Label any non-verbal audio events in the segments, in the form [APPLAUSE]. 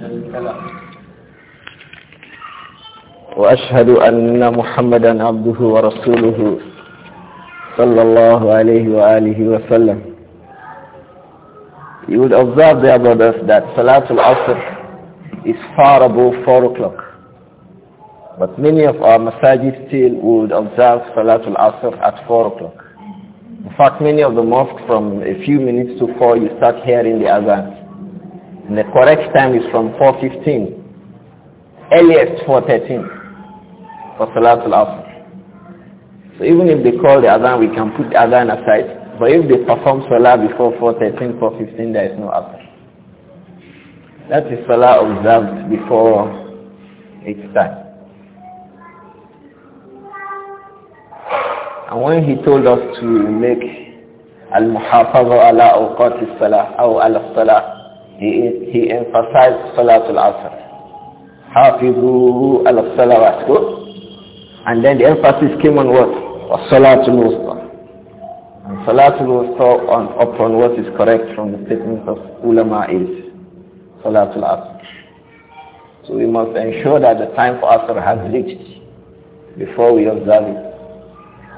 شريك له وأشهد أن محمدا عبده ورسوله صلى الله عليه وآله وسلم You would observe dear brothers that Salatul Asr is far above 4 o'clock. But many of our masajid still would observe Salatul Asr at 4 o'clock. In fact, many of the mosques from a few minutes to 4 you start hearing the azan. And the correct time is from 4.15. Earliest 4.13 for Salatul Asr. So even if they call the Adhan, we can put the Adhan aside. But if they perform Salah before 4.13, 4.15, there is no Asr. That is Salah observed before its time. And when he told us to make al-muhafaza ala awqat al-salah or al-salah, he, he emphasized Salatul Asr. Hafizu al-Salawat. And then the emphasis came on what? Salatul Wusta. And Salatul Wusta on, upon what is correct from the statements of ulama is Salatul Asr. So we must ensure that the time for Asr has reached before we observe it.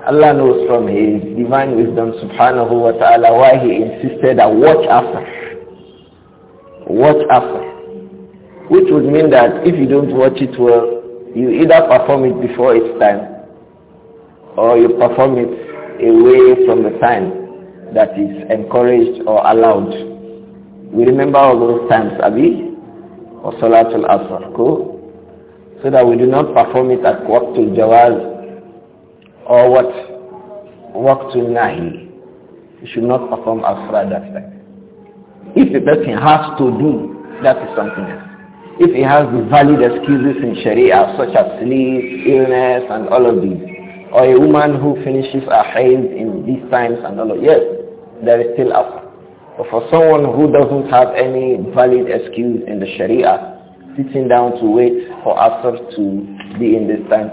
Allah knows from His divine wisdom subhanahu wa ta'ala why He insisted on watch after watch after. Which would mean that if you don't watch it well, you either perform it before its time or you perform it away from the time that is encouraged or allowed. We remember all those times, Abi, or Salatul Asr, cool? So that we do not perform it at Waqtul Jawaz or what? Waqtul Nahi. You should not perform at that time. If the person has to do, that is something else. If he has valid excuses in Sharia, such as sleep, illness, and all of these, or a woman who finishes her hajj in these times and all of yes, there is still up. But for someone who doesn't have any valid excuse in the Sharia, sitting down to wait for Asr to be in this time,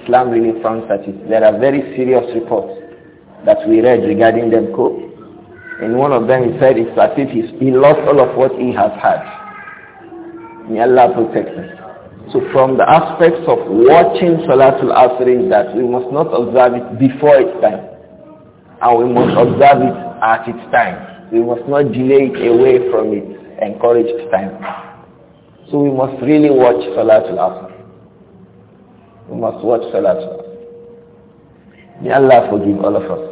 Islam really finds that There are very serious reports that we read regarding them. In one of them he said it's as if he lost all of what he has had. May Allah protect us. So from the aspects of watching Salatul Asr is that we must not observe it before its time. And we must observe it at its time. We must not delay it away from its encouraged time. So we must really watch Salatul Asr. We must watch Salatul Asr. May Allah forgive all of us.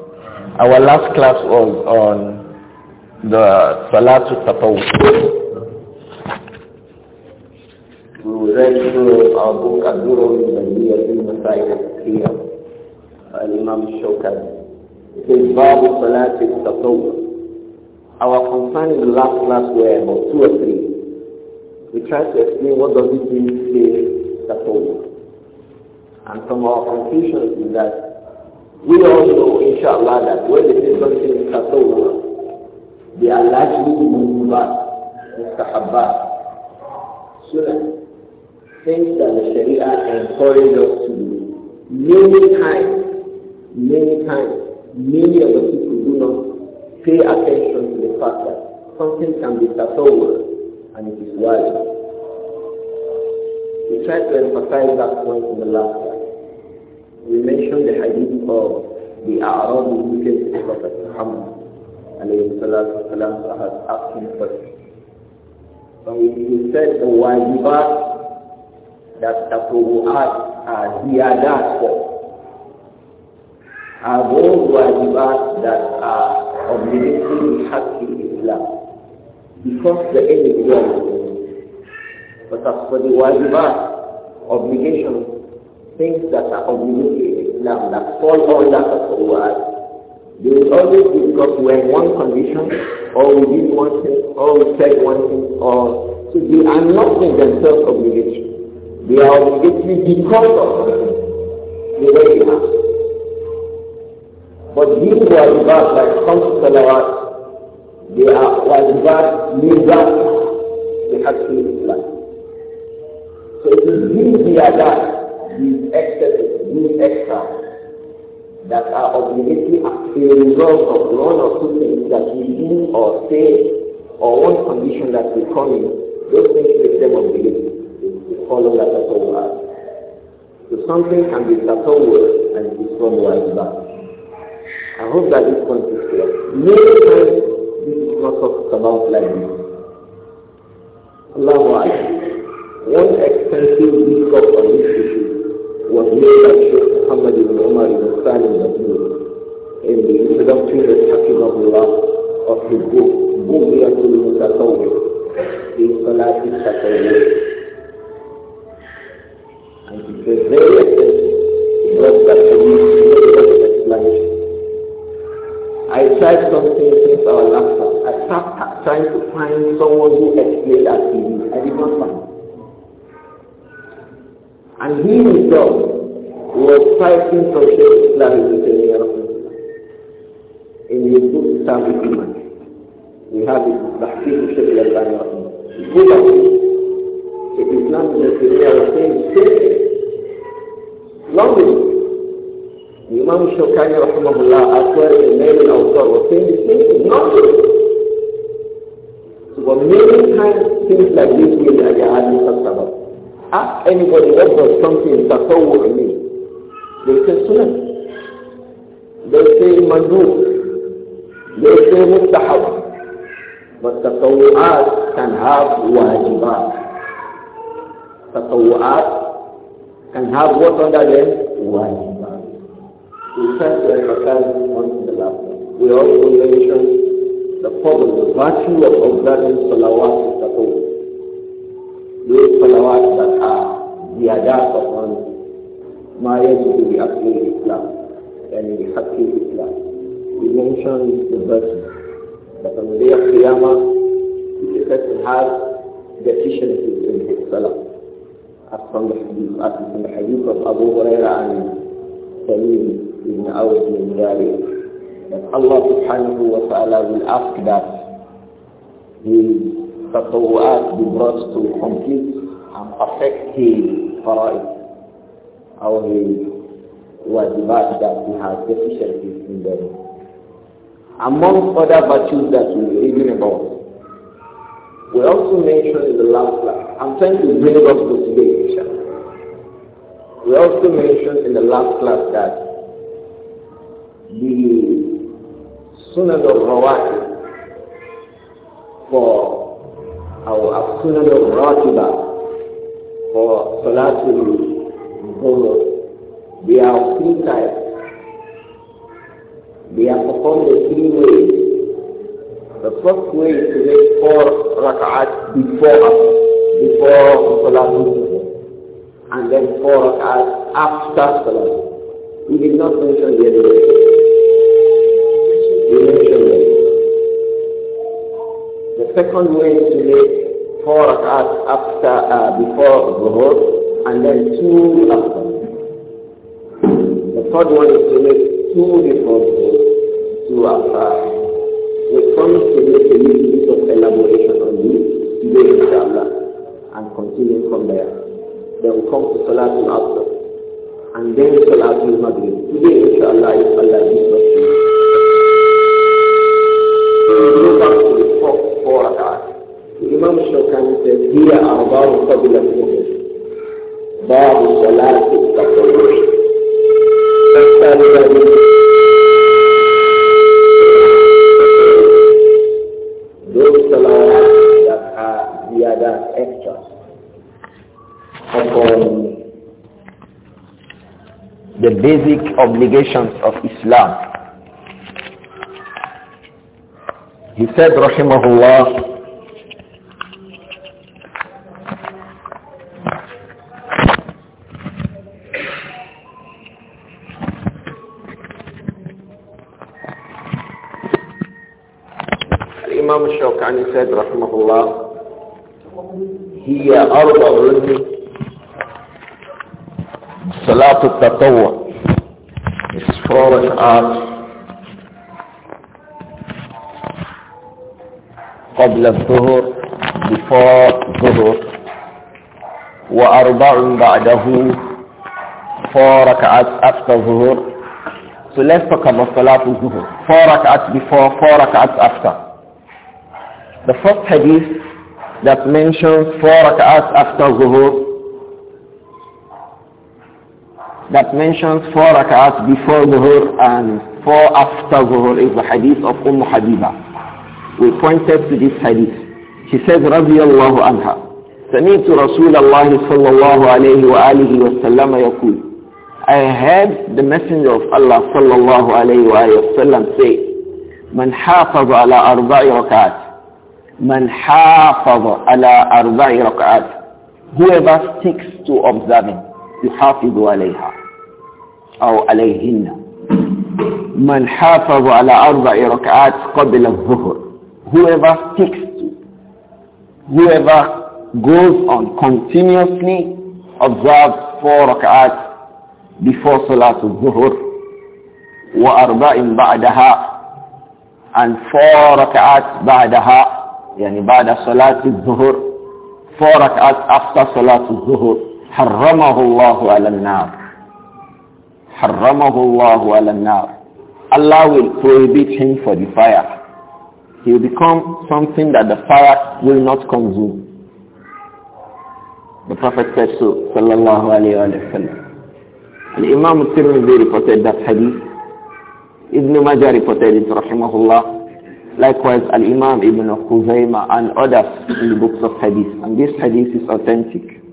Our last class was on the Salatu Tatawu. We will read through our book Abdurrahman Bandiyat al-Masayid here, Imam Shokat. It is Babu Salatu Tatawu. Our concern in the last class were about two or three. We tried to explain what does it mean to say Tatawu. And from our conclusions is that we all know, inshallah, that when they say something is they are largely to move mustahabbat, sunnah, things that the Sharia encourages us to do. Many times, many times, many of the people do not pay attention to the fact that something can be tatawwur and it is wise. We tried to emphasize that point in the last time. We mentioned the hadith of the Arab who came to Prophet Muhammad alayhi salatu wasalam, has asked him first. So he said the wajibat that the Prabhu'at are ziyadat for are those wajibat that are obligatory in Islam because the end is wrong. but as for the wajibat, obligation things that are obligatory in Islam that fall under the Qur'an, they will always discuss when one condition, or we did one thing, or we said one thing, or so they are not in themselves obligatory. They are obligatory because of the way they are. But these wajibat, like some salawat, they are wajibat nizat, they have to Islam. So it is these that these excesses, these extras, that are obligatory a result of one or two things that we do or say or one condition that we come in, those things make them obligatory. They follow that at all So something can be tatawwur and be one was back. I hope that this point is clear. Many times this is not talked about like this. Allahu One extensive discourse on this issue was made by Muhammad ibn Umar ibn Salim in the introductory Hafizahullah of his book, Bumiyatul Mutatawwir, the Salatul Tatawwir. And it was very extensive. It brought back to me explanation. I tried something since our last time. I started trying to find someone who explained that to me. I did not find and he himself was fighting for Shaykh Islam Ibn in his book Islam Iman. We have it, Bahfiz Shaykh Al-Albani Both of them. Shaykh Islam Ibn Taymiyyah was saying the long. thing. Imam Shokani Rahimahullah, as well the name al-Awsar, was saying the same thing. Longly. So, but many times things like this will be added as sabab. Ask anybody what does something tatawwu mean. They say sunnah. They say mandub. They say mustahab. But tatawwu'at can have wajibat. Tatawwu'at can have what under them? Wajibat. We try to emphasize on the last We also mentioned the problem, the virtue of observing salawat tatawwu. بالصلوات والأركان زيادات عن ما يجب بأصل الإسلام يعني بحق الإسلام. He mentioned the verses that on the day of Qiyamah, the person has deficiencies in his salah. As from the hadith, as from the hadith of Abu Huraira and Salim ibn Awad ibn Ghali, that Allah subhanahu wa ta'ala will ask that his tatawu'at be brought to complete and affect his fara'id or his wajibat that he has deficiencies in them. Among other virtues that we were reading about, we also mentioned in the last class, I'm trying to bring us to today, inshallah. We also mentioned in the last class that the Sunnah of Rawati for أو السنن الراتبة for صلاة الظهر they are three types they are performed in ways the first way is to make four rak'at before before salat and then four rak'at after salat we did not mention the other way we mentioned the second way is to lay four rak'at after, uh, before Zuhur and then two after. The third one is to make two before Zuhur, two after. We promise to make a little bit of elaboration on this today inshallah and continue from there. Then we come to Salatul Asr and then Salatul Maghrib. Today inshallah if Allah gives us four, four Imam Shokani says, here are Babu Qabila Babu Salat al-Tatawwur. Those salawat that are the other extras upon the basic obligations of Islam He رحمه الله الإمام الشوكاني said رحمه الله هي أربع صلاة التطوع It's foreign قبل الظهر before ظهر وأربع بعده four rak'ats after ظهر so let's talk about Salatul Zuhur four rak'ats before four rak'ats after the first hadith that mentions four rak'ats after Zuhur that mentions four rak'ats before Zuhur and four after Zuhur is the hadith of Umm Habiba we pointed to this hadith. She says, رضي الله عنها سمعت رسول الله صلى الله عليه وآله وسلم يقول I heard the messenger of Allah صلى الله عليه وآله وسلم say من حافظ على أربع ركعات من حافظ على أربع ركعات whoever sticks to observing يحافظ عليها أو عليهن من حافظ على أربع ركعات قبل الظهر whoever sticks to, whoever goes on continuously observes four rak'at before Salatul Zuhur wa arba'in ba'daha and four rak'at ba'daha yani ba'da Salatul Zuhur four rak'at after Salatul Zuhur harramahu Allahu ala nar Allah Allahu ala nar Allah will prohibit him for the fire he will become something that the fire will not consume. The Prophet said so, sallallahu alayhi wa sallam. And Imam Tirmidhi reported that hadith. Ibn Majah reported it, rahimahullah. Likewise, Al-Imam Ibn Khuzaymah and others in the books of hadith. And this hadith is authentic.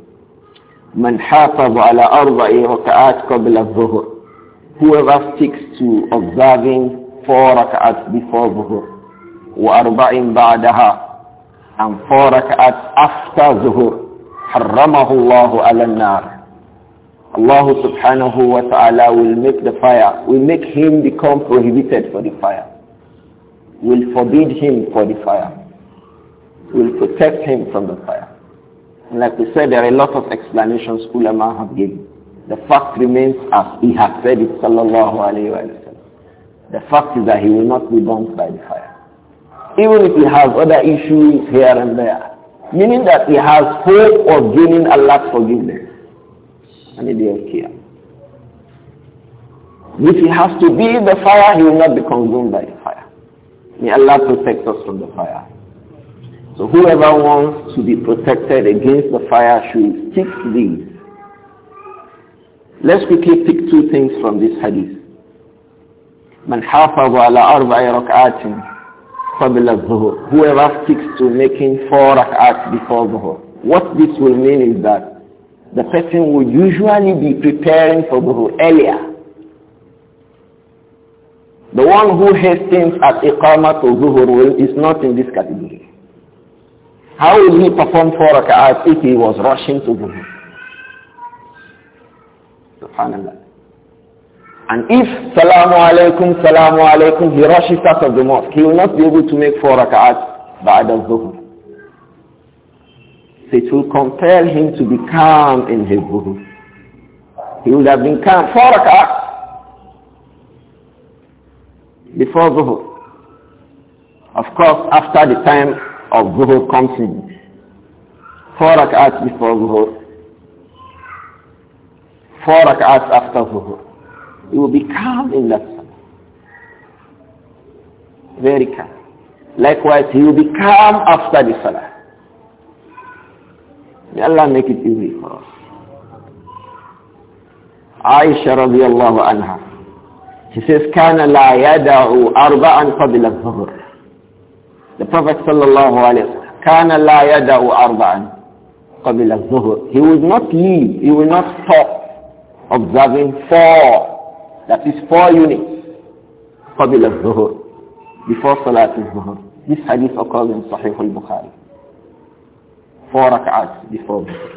whoever sticks to observing four rak'ats before zuhur وأربع بعدها and four rak'ats after zuhur حرمه الله على النار Allah subhanahu wa ta'ala will make the fire, will make him become prohibited for the fire, will forbid him for the fire, will protect him from the fire. And like we said, there are a lot of explanations ulama have given. The fact remains as he has said it, sallallahu alayhi wa The fact is that he will not be burnt by the fire even if he has other issues here and there. Meaning that he has hope of gaining Allah's forgiveness I the day of If he has to be in the fire, he will not be consumed by the fire. May Allah protect us from the fire. So whoever wants to be protected against the fire should stick to these. Let's quickly pick two things from this hadith. من حافظ على أربع ركعات قبل Zuhur, whoever sticks to making four rak'at before zuhur what this will mean is that the person will usually be preparing for zuhur earlier the one who hastens at iqamat to zuhur is not in this category how will he perform four rak'at if he was rushing to zuhur subhanallah and if salamu alaykum, salamu alaykum, he rushes out of the mosque, he will not be able to make four rak'at ba'ad al-zuhr. So it will compel him to be calm in his zuhr. He would have been calm four rak'at before zuhr. Of course, after the time of zuhr comes in. Four rak'at before zuhr. Four rak'at after zuhr. You will be calm in that salah. Very calm. Likewise, he will be calm after the salah. May Allah make it easy for us. Aisha radiallahu anha. She says, كان لا يدع أربعا قبل الظهر. The Prophet sallallahu alayhi wa sallam, كان لا يدع أربعا قبل الظهر. He will not leave, he will not stop observing four that is four units. قبل الظهر before صلاة الظهر. This hadith occurs in Sahih al-Bukhari. Four rak'ats before Dhuhr.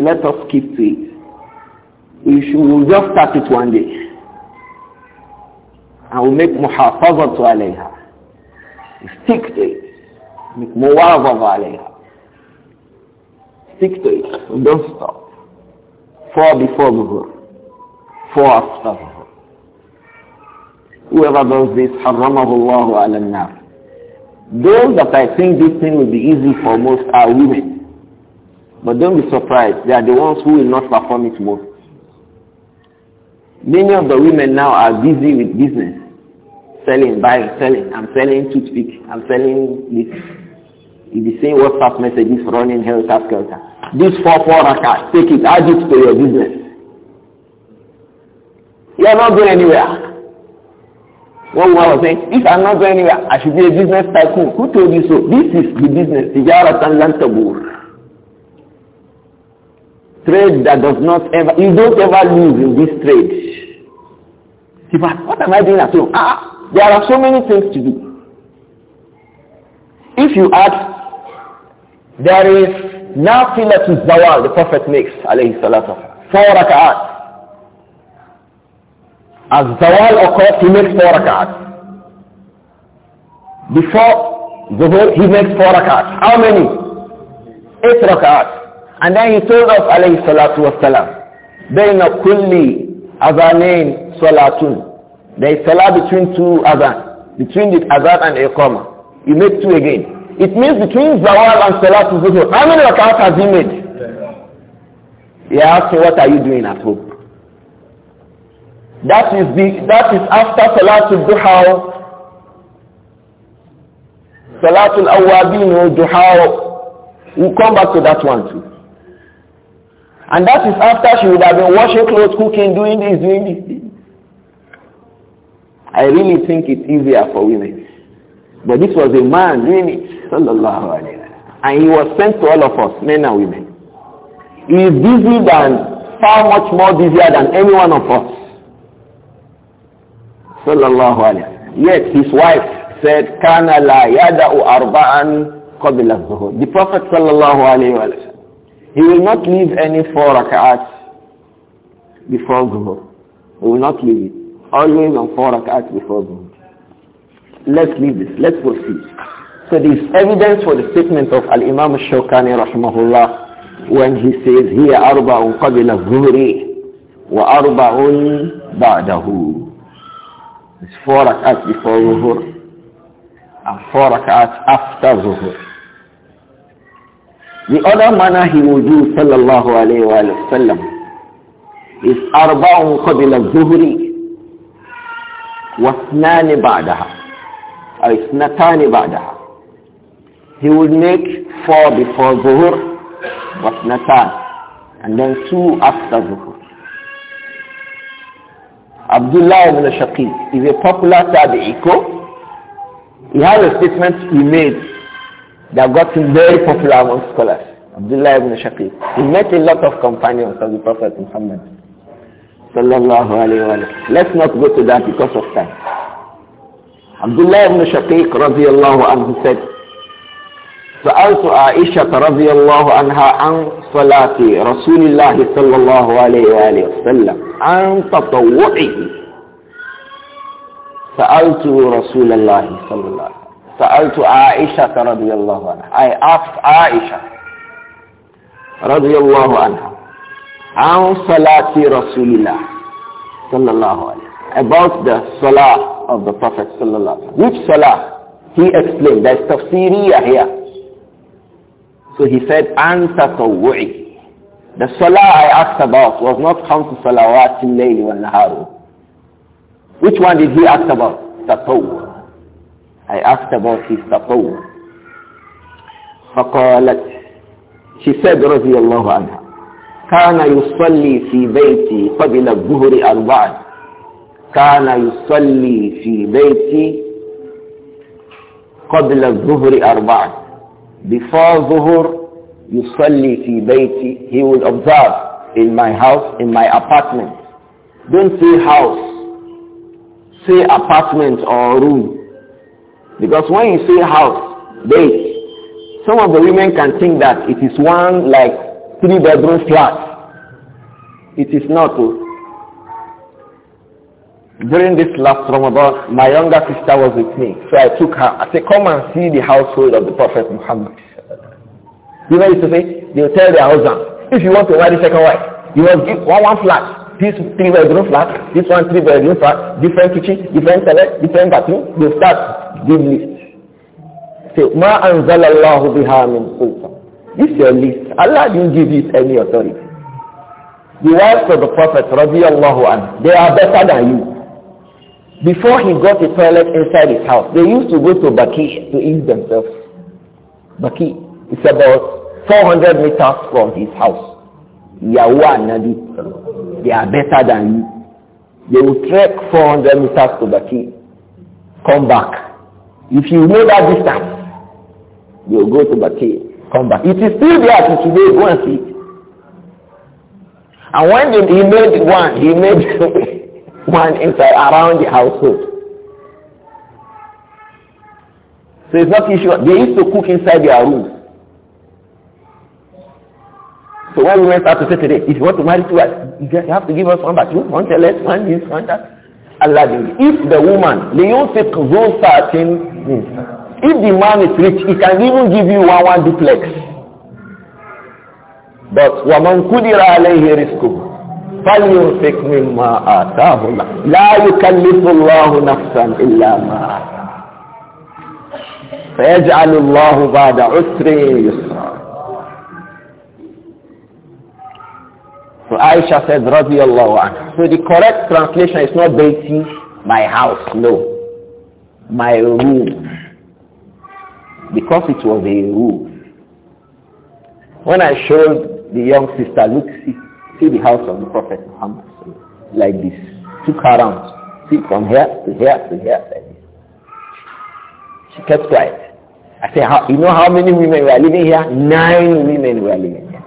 let us keep to it. We should will just start it one day. And we'll make muhafazat alayha. We stick to it. Make to alayha. Stick to it. We don't stop. Four before Dhuhr four after Zuhur. Whoever does this, حرمه الله على النار. Those that I think this thing will be easy for most are women. But don't be surprised, they are the ones who will not perform it most. Many of the women now are busy with business. Selling, buying, selling. I'm selling toothpick. I'm selling this. If you say WhatsApp messages running hell, helter. This four four rakat, take it, add it to your business. You are not going anywhere. One woman was saying, if I am not going anywhere, I should be a business tycoon. Who told you so? This is the business, tijaratan lan tabur. Trade that does not ever, you don't ever lose in this trade. See, but what am I doing at home? Ah, there are so many things to do. If you ask, there is now nafilatul zawal the Prophet makes, alayhi salatu, four raka'at. As zawal occurs, he makes four rak'at. Before Zuhur, he makes four rak'at. How many? Eight rak'at. And then he told us, alayhi salatu wasalam, بَيْنَ كُلِّ أَذَانَيْن salatun." There is salah between two azan, between the azan and iqamah. He made two again. It means between Zawal and Salatul Zuhur. How many rak'at has he made? He asked me, what are you doing at home? That is the that is after Salatul Duha. Salatul Awabin Duha. we come back to that one too. And that is after she would have been washing clothes, cooking, doing this, doing this. I really think it's easier for women. But this was a man doing it. Sallallahu and he was sent to all of us, men and women. He is busy than, far much more busier than any one of us. صلى الله عليه yet his wife said, كَانَ لَا يَدَعُ أَرْبَعًا قَبِلَ الظهور The Prophet صلى الله عليه وسلم he will not leave any four rak'ats before الظهور He will not leave it. Always on four rak'ats before الظهور Let's leave this. Let's proceed. So there is evidence for the statement of Al-Imam Shawkani الله when he says, هي أربع قبل الظهور وأربع بعده It's four rakats before Zuhur and four rakats after Zuhur. The other manner he will do sallallahu alayhi wa sallam is arba'un qabila zuhri wa Snani ba'daha or ithnatani ba'daha. He would make four before zuhur wa ithnatan and then two after zuhur. Abdullah ibn Shaqiq is a popular tabi'iko. He had a statement he made that got him very popular among scholars. Abdullah ibn Shaqiq. He met a lot of companions of the Prophet Muhammad. Sallallahu alayhi wa Let's not go to that because of time. Abdullah ibn Shaqiq radiallahu anhu said, سألت عائشة رضي الله عنها عن صلاة رسول الله صلى الله عليه وآله وسلم عن تطوعه سألت رسول الله صلى الله عليه وسلم سألت عائشة رضي الله عنها I asked عائشة رضي الله عنها عن صلاة رسول الله صلى الله عليه وسلم about the salah of the Prophet صلى الله عليه وسلم which salah he explained there is tafsiriyah here So he said, Anta tawwu'i. The salah I asked about was not khamsu salawati layli wa naharu. Which one did he ask about? Tatawwa. I asked about his tatawwa. فقالت she said رضي الله عنها كان يصلي في بيتي قبل الظهر أربعا كان يصلي في بيتي قبل الظهر أربعا before Zuhur, you في بيتي, he will observe in my house, in my apartment. Don't say house, say apartment or room. Because when you say house, base, some of the women can think that it is one like three bedroom flat. It is not. Oh during this last Ramadan, my younger sister was with me. So I took her. I said, come and see the household of the Prophet Muhammad. You know, used to say, they'll tell their husband, if you want to marry second wife, you must give one one flat. This three bedroom flat, this one three bedroom flat, different kitchen, different toilet, different bathroom. They start give list. Say, ma anzalallahu biha min sultan. This is your list. Allah didn't give you any authority. The wives of the Prophet, radiallahu anhu, they are better than you. Before he got a toilet inside his house, they used to go to Baki to eat themselves. Baki is about 400 meters from his house. and Nadi. They are better than you. They will trek 400 meters to Baki. Come back. If you know that distance, they will go to Baki. Come back. It is still there to today. Go and see And when he made one, he made [LAUGHS] one inside around the household. So it's not issue. They used to cook inside their rooms. So when we went out to say today, if you want to marry two wives, you have to give us one want to let one this, one that. Allah did. If the woman, they don't say certain means. If the man is rich, he can even give you one one duplex. But woman kudira alayhi rizquhu so Aisha said, radiallahu anha. So the correct translation is not Beiti, my house, no. My room. Because it was a room. When I showed the young sister, look, see, see the house of the Prophet Muhammad like this. Took her around. See from here to here to here like this. She kept quiet. I said, how, you know how many women were living here? Nine women were living here.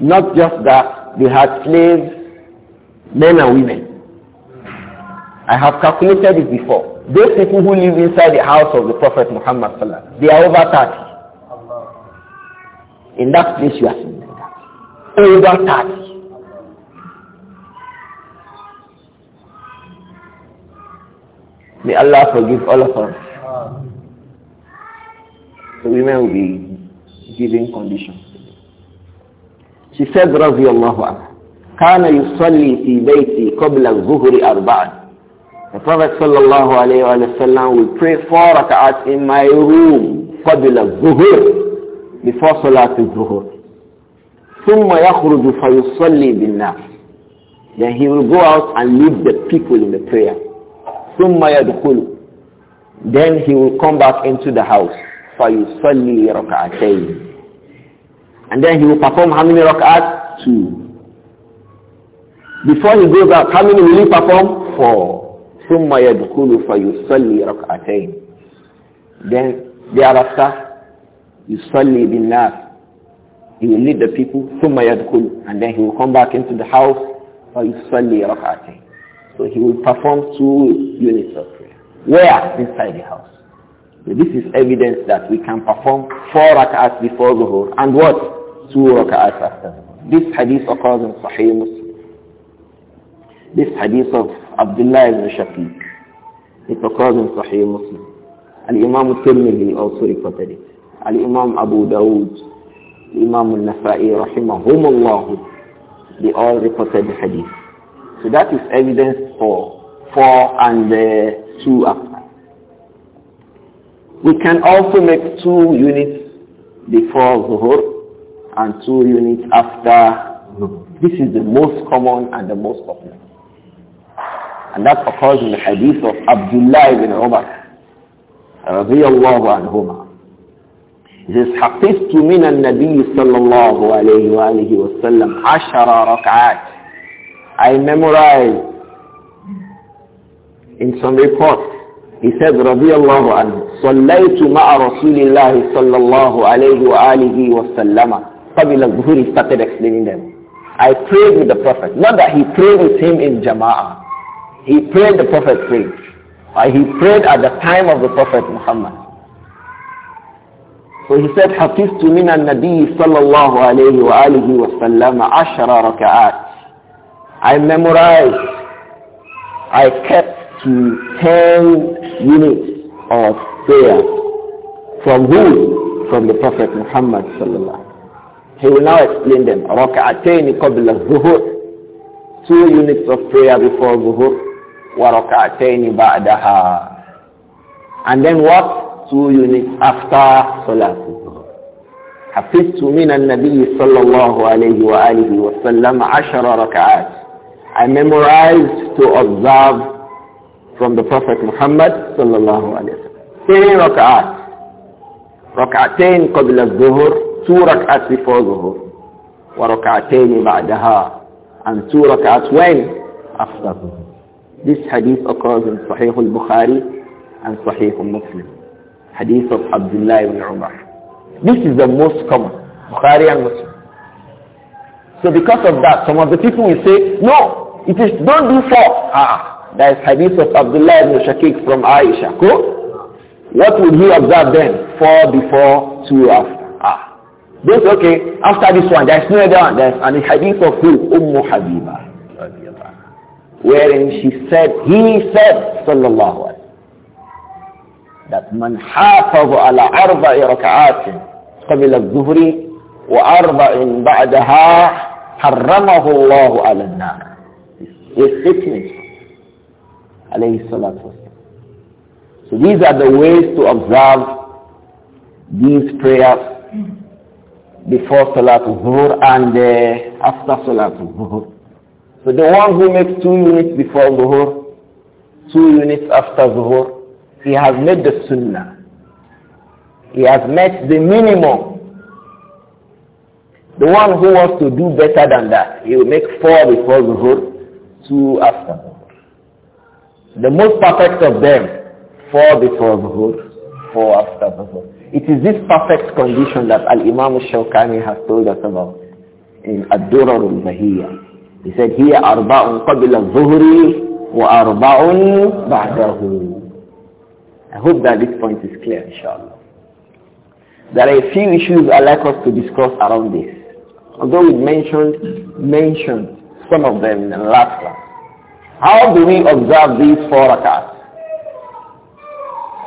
Not just that, they had slaves, men and women. I have calculated it before. Those people who live inside the house of the Prophet Muhammad, they are over 30. In that place you are over 30. May Allah forgive all of us. The women will be giving conditions. She said, رضي الله عنه, كان يصلي في بيتي قبل الظهر أربعا. The Prophet صلى الله عليه وسلم will pray four rak'ats in my room قبل الظهر before صلاة الظهر. ثم يخرج فيصلي بالناس then he will go out and lead the people in the prayer ثم يدخل then he will come back into the house فيصلي ركعتين and then he will perform how many rak'at? Two. Before he goes out, how many will he perform? Four. ثم يدخل فيصلي ركعتين. Then thereafter, يصلي بالناس he will lead the people, ثُمَّ يَدْخُلُ And then he will come back into the house, فَيُصَلِّي رَكْعَتَيْنِ So he will perform two units of prayer. Where? Inside the house. So this is evidence that we can perform four rak'ahs before the Zuhur and what? Two rak'ahs after Zuhur. This hadith occurs in Sahih Muslim. This hadith of Abdullah ibn Shafiq. It occurs in Sahih Muslim. Al-Imam al-Tirmidhi also reported it. Al-Imam Abu Dawud Imam al-Nasa'i rahimahumullah, the all reported the hadith. So that is evidence for four and uh, two after. We can also make two units before Zuhur and two units after Zuhur. This is the most common and the most popular. And that occurs in the hadith of Abdullah ibn Umar, radiallahu anhumah this حفظت من النبي صلى الله عليه وآله وسلم عشر ركعات. I memorized in some reports. He said, رضي الله عنه, صليت مع رسول الله صلى الله عليه وآله وسلم. قبل الظهور he started explaining them. I prayed with the Prophet. Not that he prayed with him in Jama'ah. He prayed, the Prophet prayed. he prayed at the time of the Prophet Muhammad. So he حَفِظْتُ مِنَ النَّبِيِّ صَلَّى اللَّهُ عَلَيْهِ وَآلِهِ وَسَلَّمَ عَشْرَ رَكَعَاتٍ I memorized, I kept to 10 units of prayer. From who? From the Prophet Muhammad صلى الله عليه وسلم. He will now explain them. رَكَعَتَيْنِ قَبْلَ الظُّهُرِ Two units of prayer before zuhur. وَرَكَعَتَيْنِ بَعْدَهَا And then what? two units after Salat al-Zuhr. حفظت من النبي صلى الله عليه وآله وسلم عشر ركعات. I memorized to observe from the Prophet Muhammad صلى الله عليه وسلم. Ten ركعات. ركعتين قبل الظهر, two ركعات before ظهر. وركعتين بعدها and two ركعات when? After This hadith occurs in Sahih al-Bukhari and Sahih muslim hadith of Abdullah ibn Umar. This is the most common, Bukhari and Muslim. So because of that, some of the people will say, no, it is don't do four. Ah, that is hadith of Abdullah ibn Shakik from Aisha. Cool? What would he observe then? Four before, two after. Ah. This okay, after this one, there is no other one. There is an hadith of who? Ummu Habiba. Wherein she said, he said, sallallahu alayhi that man حافظ على أربع ركعات قبل الظهر وأربع بعدها حرمه الله على النار is عليه الصلاة والسلام so these are the ways to observe these prayers before Salatul Zuhur and uh, after Salatul Zuhur so the one who makes two units before Zuhur two units after Zuhur He has made the sunnah. He has met the minimum. The one who wants to do better than that, he will make four before Zuhur, two after Zuhur. The most perfect of them, four before Zuhur, four after Zuhur. It is this perfect condition that Al-Imam Shawkani has told us about in Ad-Durar al-Bahiyya. He said, here arba'un qabla zuhri wa arba'un ba'dahu. I hope that this point is clear, inshallah. There are a few issues I'd like us to discuss around this. Although we mentioned, mentioned some of them in the last class. How do we observe these four rakats?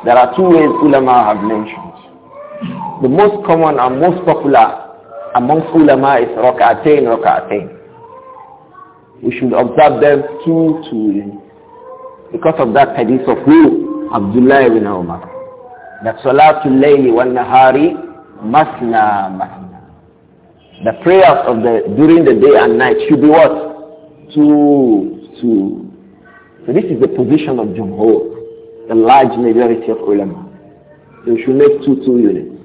There are two ways ulama have mentioned. The most common and most popular amongst ulama is rakatain, rakatain. We should observe them two to because of that hadith of rule. Abdullah ibn Umar that Salatul Layli wal Nahari masna masna. The prayers of the during the day and night should be what? Two, two. So this is the position of Jumhur, the large majority of ulama. They should make two, two units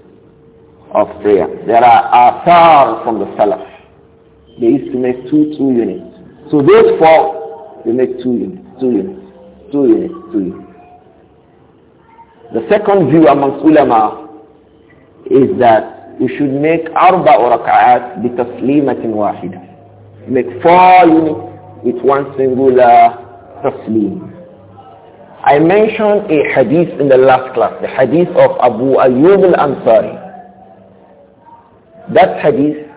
of prayer. There are asar from the Salaf. They used to make two, two units. So those four, they make two units, two units, two units, two units. The second view amongst ulama is that we should make arba rak'at bi taslimatin wahida. Make four units with one singular taslim. I mentioned a hadith in the last class, the hadith of Abu Ayyub al-Ansari. That hadith,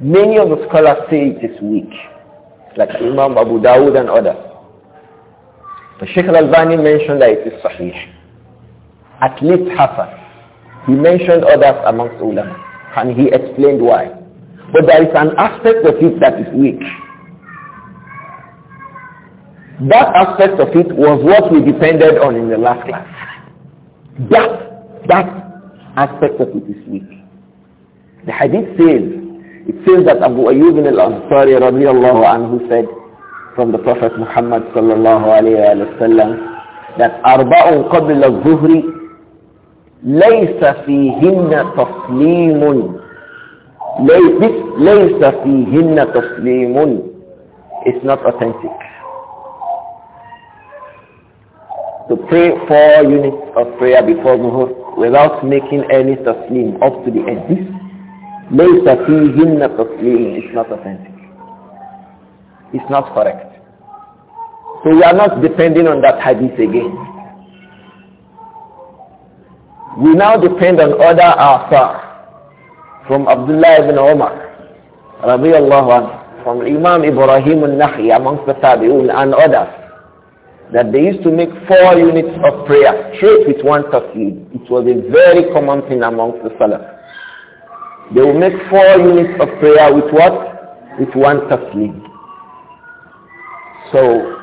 many of the scholars say it is weak, like Imam Abu Dawud and others. But Sheikh al-Albani mentioned that it is sahih at least Hassan. He mentioned others amongst ulama and he explained why. But there is an aspect of it that is weak. That aspect of it was what we depended on in the last class. That, that aspect of it is weak. The hadith says, it says that Abu Ayyub al-Ansari radiallahu anhu said from the Prophet Muhammad sallallahu alayhi wa sallam that أَرْبَعٌ قَبْلَ الظُّهْرِ ليس فيهن تسليم ليس فيهن تسليم It's not authentic. To pray four units of prayer before Zuhur without making any taslim up to the end. This ليس فيهن تسليم It's not authentic. It's not correct. So we are not depending on that hadith again. We now depend on other asar from Abdullah ibn Umar, radiallahu anhu, from Imam Ibrahim al-Nahi amongst the Tabi'un and others, that they used to make four units of prayer straight with one tafsir. It was a very common thing amongst the Salaf. They will make four units of prayer with what? With one tafsir. So,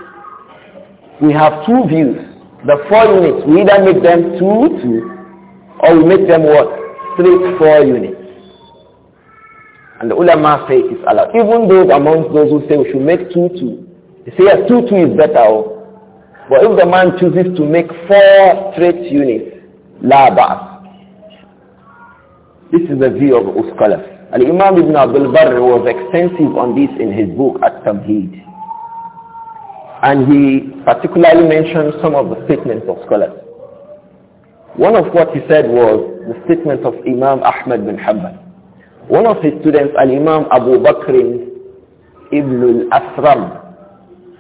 we have two views. The four units, we either make them two, two, or we make them what? three, four units. And the ulama say it's allowed. Even those amongst those who say we should make two two, they say yes, two two is better. Oh. But if the man chooses to make four straight units, la ba'as. This is the view of scholars. And imam Ibn Abdul Barr was extensive on this in his book At-Tamheed. And he particularly mentioned some of the statements of scholars. One of what he said was the statement of Imam Ahmad bin Hanbal. One of his students, Al-Imam Abu Bakr ibn al-Asram,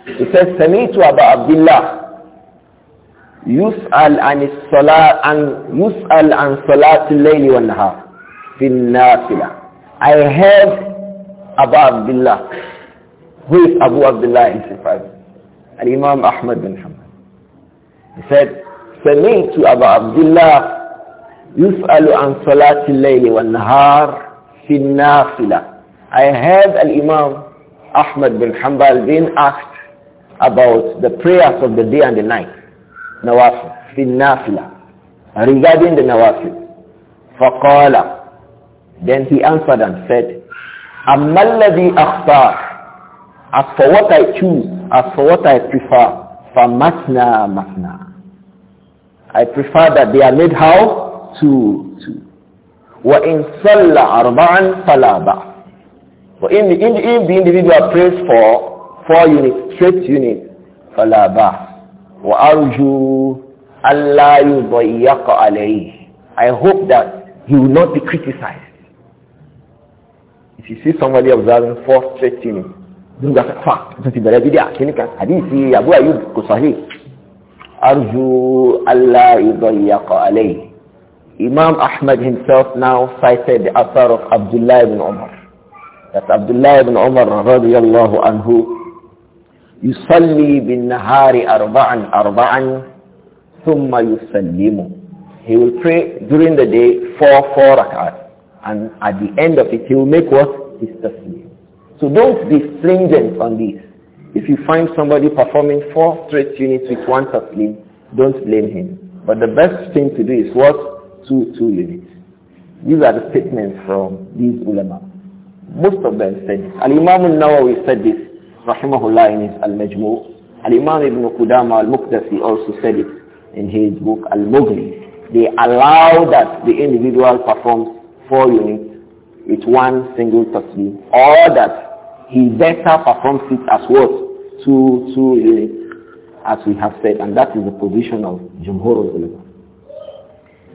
he says, سمعت Aba عبد الله يسأل عن الصلاة عن يسأل عن صلاة الليل والنهار في النافلة. I heard Abu Abdullah. Who is Abu Abdullah in Sifat? imam Ahmad bin Hanbal. He said, سمعت أبا عبد الله يسأل عن صلاة الليل والنهار في النافلة I heard Al-Imam Ahmad bin Hanbal being asked about the prayers of the day and the night Nawafil في النافلة regarding the nawafil فقال then he answered and said أما الذي أختار as for what I choose as for what I prefer فمثنى مثنى I prefer that they are made how? Two. Two. وَإِن صَلَّ أَرْبَعًا فَلَا بَعْضٍ But in the, in the, the individual prays for four units, straight units, فَلَا بَعْضٍ وَأَرْجُو أَلَّا يُضَيَّقَ عَلَيْهِ I hope that he will not be criticized. If you see somebody observing four straight units, don't just, fuck, don't you believe it? Can you can, hadith, Abu Ayyub, kusahi. Arju ألا يضيق عليه Imam Ahmad himself now cited the author of Abdullah ibn Umar that Abdullah ibn Umar radiyallahu anhu يصلي بالنهار أربعا أربعا ثم يسلم He will pray during the day four four rak'at and at the end of it he will make what? His So don't be stringent on this. If you find somebody performing four straight units with one taslim, don't blame him. But the best thing to do is what? Two, two units. These are the statements from these ulama. Most of them said this. Al-Imam al-Nawawi said this, rahimahullah in his Al-Majmu. Al-Imam ibn Qudama al-Muqdasi also said it in his book Al-Mughni. They allow that the individual performs four units with one single taslim or that he better performs it as what? uh, as we have said, and that is the position of Jumhur ulama.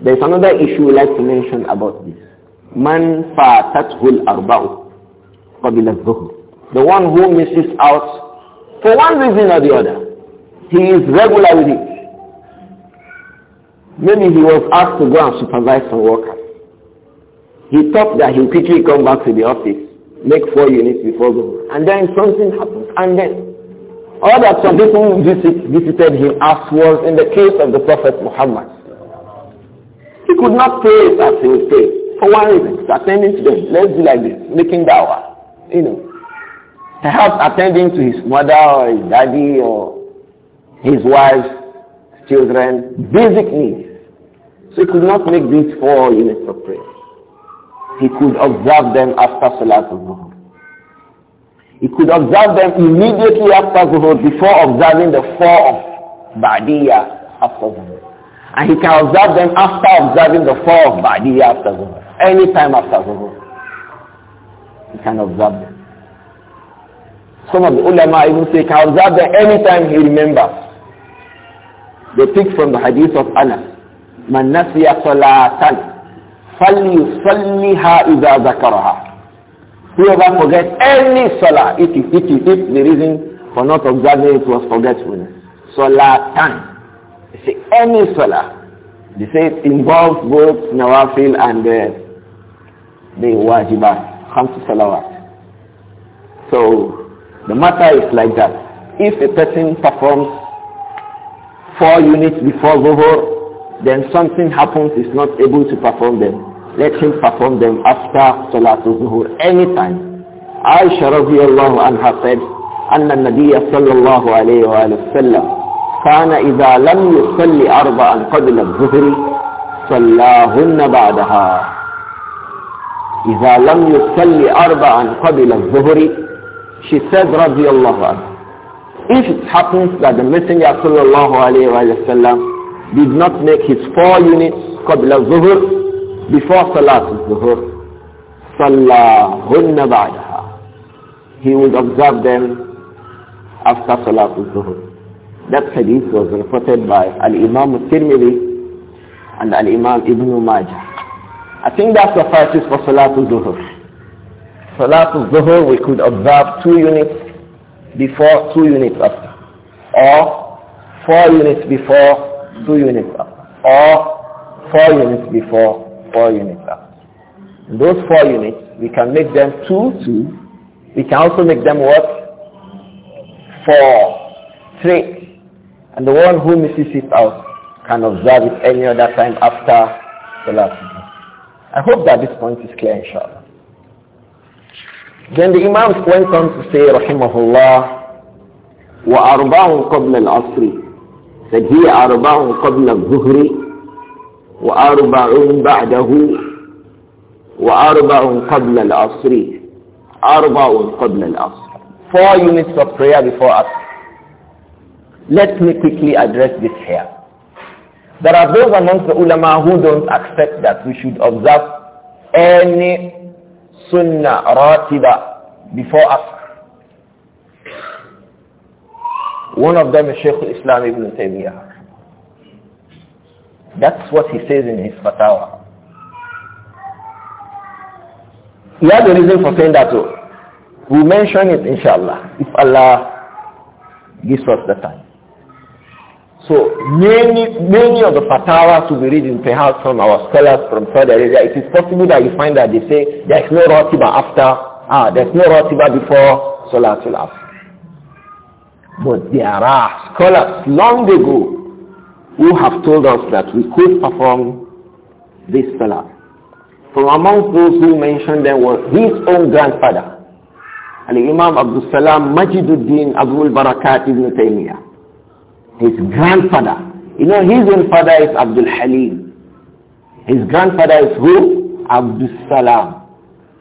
There is another issue we like to mention about this. Man fatatul arba'u qabila dhuhr. The one who misses out for one reason or the other. He is regular with it. Maybe he was asked to go and supervise some workers. He thought that he'll quickly come back to the office make four units before go, And then something happens. And then all that some people visit, visited him afterwards in the case of the Prophet Muhammad. He could not pray as he would pray. For one reason, attending to them. Let's be like this, making dawah. You know. Perhaps attending to his mother or his daddy or his wife's children, basic needs. So he could not make these four units of prayer he could observe them after Salatul Zuhur. He could observe them immediately after Zuhur before observing the four of Ba'diyah after Zuhur. And he can observe them after observing the four of Ba'diyah after Zuhur. Any time after Zuhur. He can observe them. Some of the ulama even say, can observe them time he remembers. They pick from the hadith of Anas. Man nasiya salatan فَلْيُصَلِّهَا إِذَا ذَكَرَهَا Whoever forgets any salah, if, if, if, if the reason for not observing it was forgetfulness. Salah time. They say any salah. They say it involves both nawafil and uh, the wajibat, khamsu salawat. So the matter is like that. If a person performs four units before Zuhur, then something happens, is not able to perform them. Let him perform them after Salatul Zuhur anytime. Aisha radiallahu anha said, أن النبي صلى الله عليه وآله وسلم كان إذا لم يصلي أربعا قبل الظهر صلاهن بعدها إذا لم يصلي أربعا قبل الظهر she said رضي الله عنه if it happens that the messenger صلى الله عليه وآله وسلم did not make his four units قبل الظهر before al Zuhur, Sallahunna ba'daha. He would observe them after al Zuhur. That hadith was reported by Al-Imam al-Tirmidhi and Al-Imam Ibn Majah. I think that's the suffices for Salatul Zuhur. al Zuhur we could observe two units before, two units after. Or four units before, two units after. Or four units before, four units out. And those four units, we can make them two, two. We can also make them what? Four, three. And the one who misses it out can observe it any other time after the last. I hope that this point is clear, inshallah. Then the Imam went on to say, Rahimahullah, وَأَرْبَعٌ قَبْلَ الْعَصْرِ Said here, أَرْبَعٌ قَبْلَ الظُّهْرِ وأربع بعده وأربع قبل العصر أربع قبل العصر Four units of prayer before us. Let me quickly address this here. There are those amongst the ulama who don't accept that we should observe any sunnah ratiba before us. One of them is Shaykh Islam Ibn Taymiyyah. That's what he says in his fatawa. He had a reason for saying that too. We'll mention it inshallah, if Allah gives us the time. So many, many of the fatawa to be reading perhaps from our scholars from Saudi Arabia, it is possible that you find that they say there is no rotiba after, ah, there's no rotiba before Salatul Asr. But there are scholars long ago who have told us that we could perform this salah. From among those who mentioned them was his own grandfather, Al-Imam Abdul Salam Majiduddin Abdul Barakat Ibn Taymiyyah. His grandfather. You know, his own father is Abdul Halim. His grandfather is who? Abdul Salam.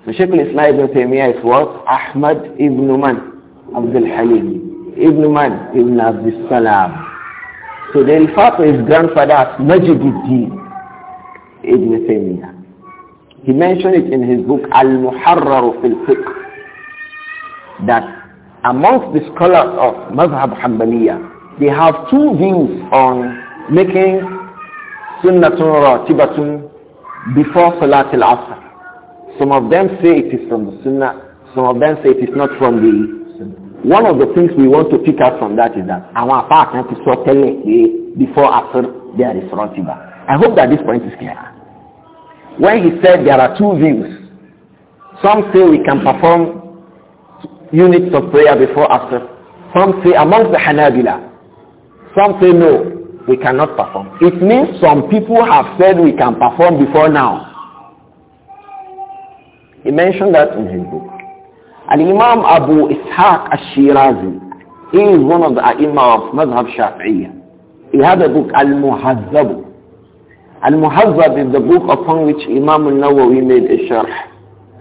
So Sheikh al-Islam Ibn Taymiyyah is what? Ahmad Ibn Man, Abdul Halim. Ibn Man, Ibn Abdul Salam. So they fatwa to his grandfather as Majiduddin Ibn Taymiyyah. He mentioned it in his book Al-Muharrar fil Fiqh that amongst the scholars of Mazhab Hanbaliyyah, they have two views on making Sunnatun Ratibatun before Salat al-Asr. Some of them say it is from the Sunnah, some of them say it is not from the one of the things we want to pick out from that our àwọn àfáà can ti sọ tẹ́lẹ̀ before after there is rotiba i hope that this point is clear when he said there are two views some say we can perform units of prayer before after some say amongst the hanabila some say no we cannot perform it means some people have said we can perform before now he mentioned that in his book الإمام imam Abu Ishaq al-Shirazi, he is one of the Imam of Madhab Shafi'iyya. He had a book, Al-Muhazzab. Al-Muhazzab is the book upon which Imam al-Nawawi made a sharh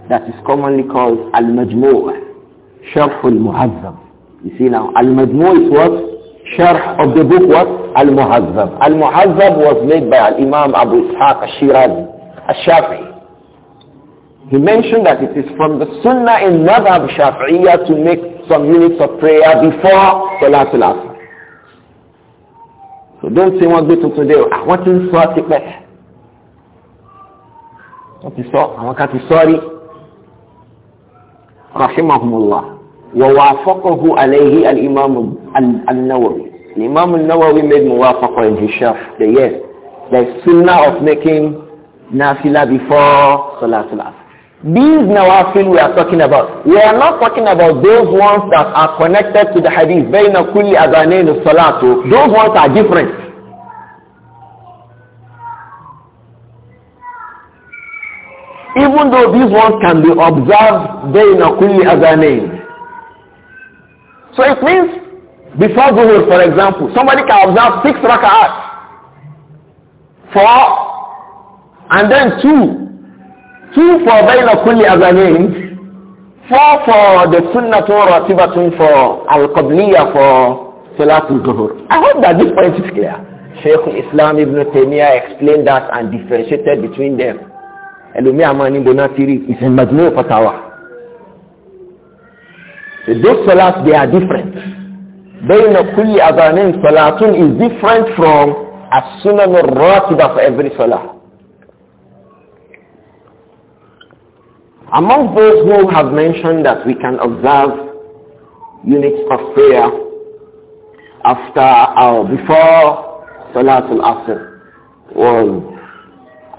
that is commonly called Al-Majmu' Sharh al-Muhazzab. You see now, Al-Majmu' is what? sharh of the book was Al-Muhazzab. Al-Muhazzab was made by Al-Imam Abu Ishaq al-Shirazi, al-Shafi'i. He mentioned that it is from the sunnah in Madhab Shafi'iyah to make some units of prayer before Salatul Asr. So don't say one bit today, I want to sort it back. What is so? I want Wa sorry. alayhi al ووافقه عليه الإمام النووي الإمام النووي made موافقة in his shaf the the sunnah of making nafila before Salatul Asr these nawafil we are talking about. We are not talking about those ones that are connected to the hadith. Bayna kulli adhanayn salatu. Those ones are different. Even though these ones can be observed, bayna kulli adhanayn. So it means, before Zuhur for example, somebody can observe six rak'ahs. Four, and then two, Two for Bayna Kulli Azanain, four for the Sunnah Torah Tibatun for Al-Qabliya for Salatul ghur. I hope that this point is clear. Sheikh Islam Ibn Taymiyyah explained that and differentiated between them. Elumi Amani Bonatiri is a Majmu Fatawa. So those salats, they are different. Bayna Kulli Azanain Salatun is different from as-sunan al-ratiba for every salah. Among those who have mentioned that we can observe units of prayer after our before Salatul Asr was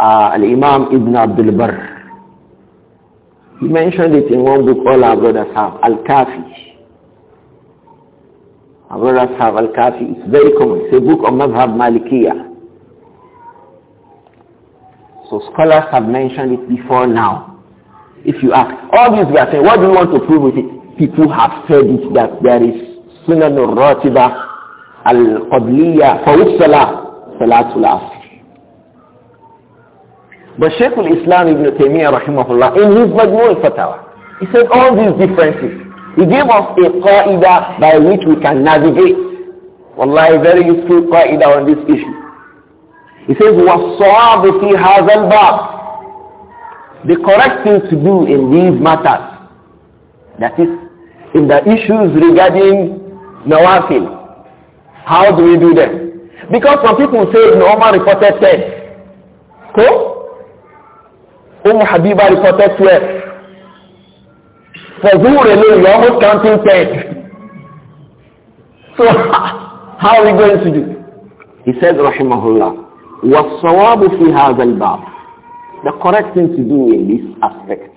uh, Al-Imam Ibn Abdul Barr. He mentioned it in one book all our brothers have, Al-Kafi. Our brothers have Al-Kafi. It's very common. It's a book of Madhab Malikia. So scholars have mentioned it before now. If you ask, all these we are saying, what do you want to prove with it? People have said it that there is sunan al-ratiba al-qadliya for which salah? Salatul asr. But sheik al-Islam ibn Taymiyyah rahimahullah in his Majmu al-Fatawa, he said all these differences. He gave us a qaida by which we can navigate. Wallahi, very useful qaida on this issue. He says, وَالصَّوَابُ فِي هَذَا الْبَابِ the correct thing to do in these matters, that is, in the issues regarding nawafil, how do we do them? Because some people say normal reported 10. Who? Um Habiba reported 12. For who alone, you're almost counting 10. So, [LAUGHS] how are we going to do? He said, Rahimahullah, وَالصَّوَابُ فِي هَذَا الْبَابِ the correct thing to do in this aspect,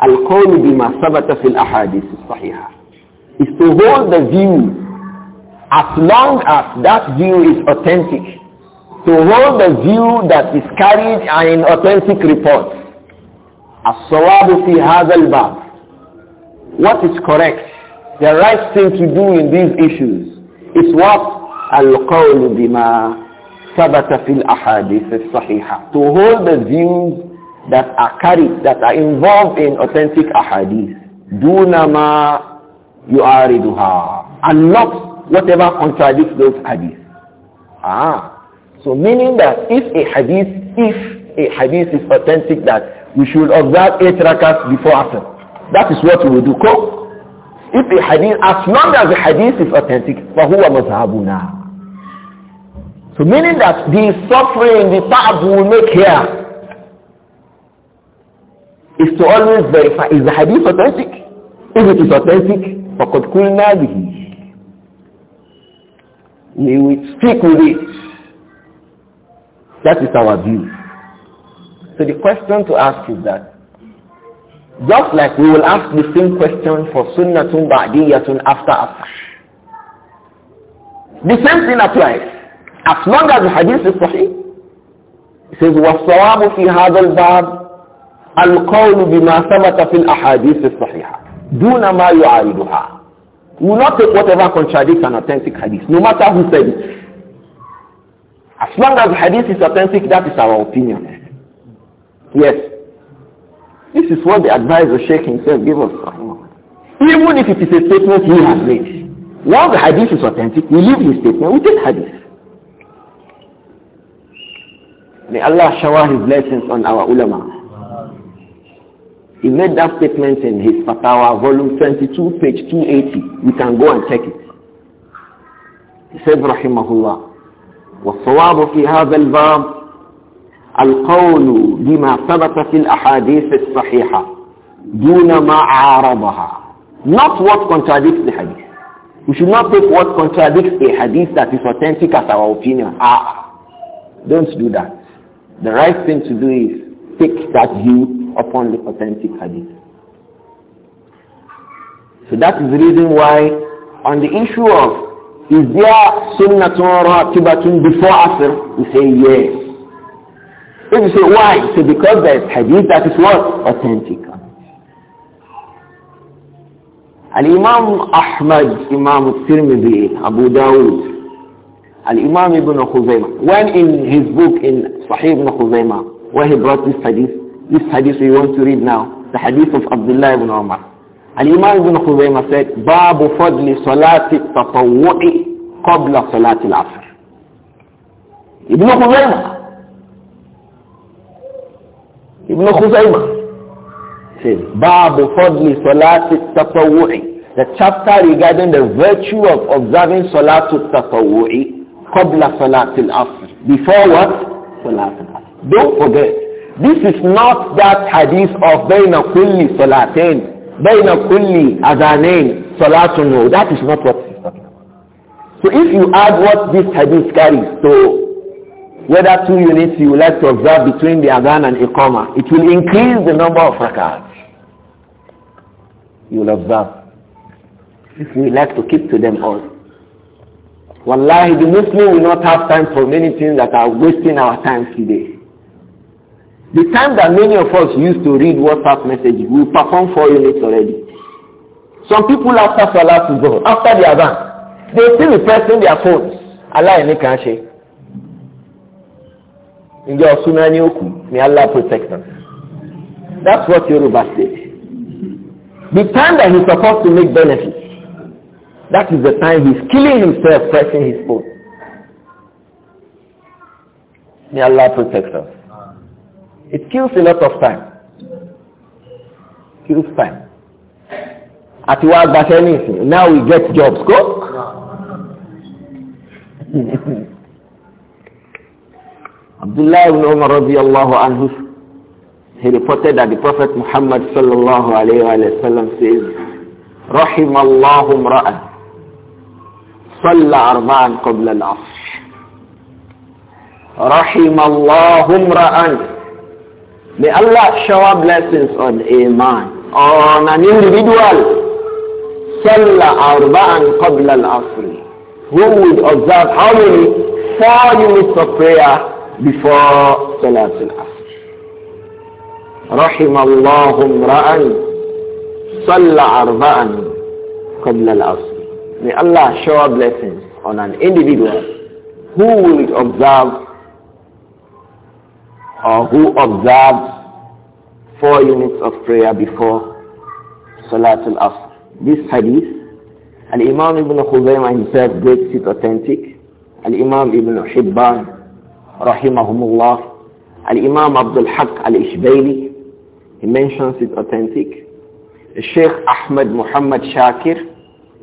al-qawl bima sabata fil ahadith sahihah, is to hold the view as long as that view is authentic. To hold the view that is carried in authentic reports. الصواب في al-bab الباب what is correct the right thing to do in these issues is what القول بما to hold the views that are carried, that are involved in authentic ahadith dunama yu'ariduha and not whatever contradicts those hadith. Ah, so meaning that if a hadith, if a hadith is authentic that we should observe eight rakats before after. That is what we will do. If a hadith, as long as the hadith is authentic, فَهُوَ مَذْهَبُنَا so meaning that the suffering, the ta'ab will make here is to always verify, is the hadith authentic? If it is authentic, فَقَدْ قُلْنَا بِهِ We will stick with it. That is our view. So the question to ask is that, just like we will ask the same question for sunnatun ba'diyatun after after. The same thing applies. As long as the hadith is sahih, it says, وَالصَّوَابُ فِي هَذَا الْبَابِ الْقَوْلُ بِمَا ثَبَتَ فِي الْأَحَادِيثِ الصَّحِيحَةِ دُونَ مَا يُعَارِضُهَا We will not take whatever contradicts an authentic hadith, no matter who said it. As long as the hadith is authentic, that is our opinion. Yes. This is what the advisor Sheikh himself gave us. Even if it is a statement he has made. Once the hadith is authentic, we leave his statement, we take hadith. May Allah shower his blessings on our ulama. He made that statement in his fatwa, volume 22, page 280. You can go and check it. He said, rahimahullah, والصواب في هذا الباب القول بما ثبت في الأحاديث الصحيحة دون ما عارضها. Not what contradicts the hadith. We should not take what contradicts a hadith that is authentic as our opinion. Ah, don't do that. The right thing to do is take that view upon the authentic hadith. So that is the reason why on the issue of is there sunnatun ratibatun before asr, we say yes. If you say why, So because there is hadith that is what? Authentic. Imam Ahmad, Imam إمام Abu Dawud, Imam Ibn Al خزيمة when in his book in Sahih ibn Khuzaymah, where he brought this hadith. This hadith we want to read now, the hadith of Abdullah ibn Umar. Al-Imam ibn Khuzaymah said, باب فضل صلاة التطوع قبل Salatil العصر. Ibn Khuzaymah. Ibn Khuzaymah says, باب فضل صلاة التطوع the chapter regarding the virtue of observing Salatul Tatawwu'i qabla Salatil Asr. Before what? Don't forget, this is not that hadith of bayna kulli salatain, bayna kulli adanain, salatun. No, that is not what he's talking about. So if you add what this hadith carries to so whether two units you would like to observe between the adhan and ikoma, it will increase the number of rakats. You will observe. If you like to keep to them all. Wallahi, the Muslim will not have time for many things that are wasting our time today. The time that many of us used to read WhatsApp messages, we perform four units already. Some people after Salah to go, after the Adhan, they still pressing their phones. Allah ẹ̀ ní In ṣe. Ǹjẹ́ ọ̀sùn May Allah protect us. That's what Yoruba said. The time that he's supposed to make benefits, that is the time he's killing himself pressing his foot. May Allah protect us. It kills a lot of time. Kills time. At work, but anything. Now we get jobs. Go. [LAUGHS] Abdullah ibn Umar radiallahu anhu he reported that the Prophet Muhammad sallallahu alayhi wa sallam says "Rahim الله امرأ صلى أربعا قبل العصر رحم الله امرأ May Allah shower blessings on a man, on an individual. Salla arba'an qabla al-asri. Who would observe how many? Four units of prayer before Salat al-Asr. رحم الله امرأ صلى أربعا قبل العصر May Allah shower blessings on an individual who will observe or who observes four units of prayer before Salatul Asr. This hadith, al imam Ibn Khuzaymah himself breaks it authentic. al imam Ibn Hibban, rahimahumullah. al imam Abdul Haq Al-Ishbayli, he mentions it authentic. Sheikh Ahmed Muhammad Shakir,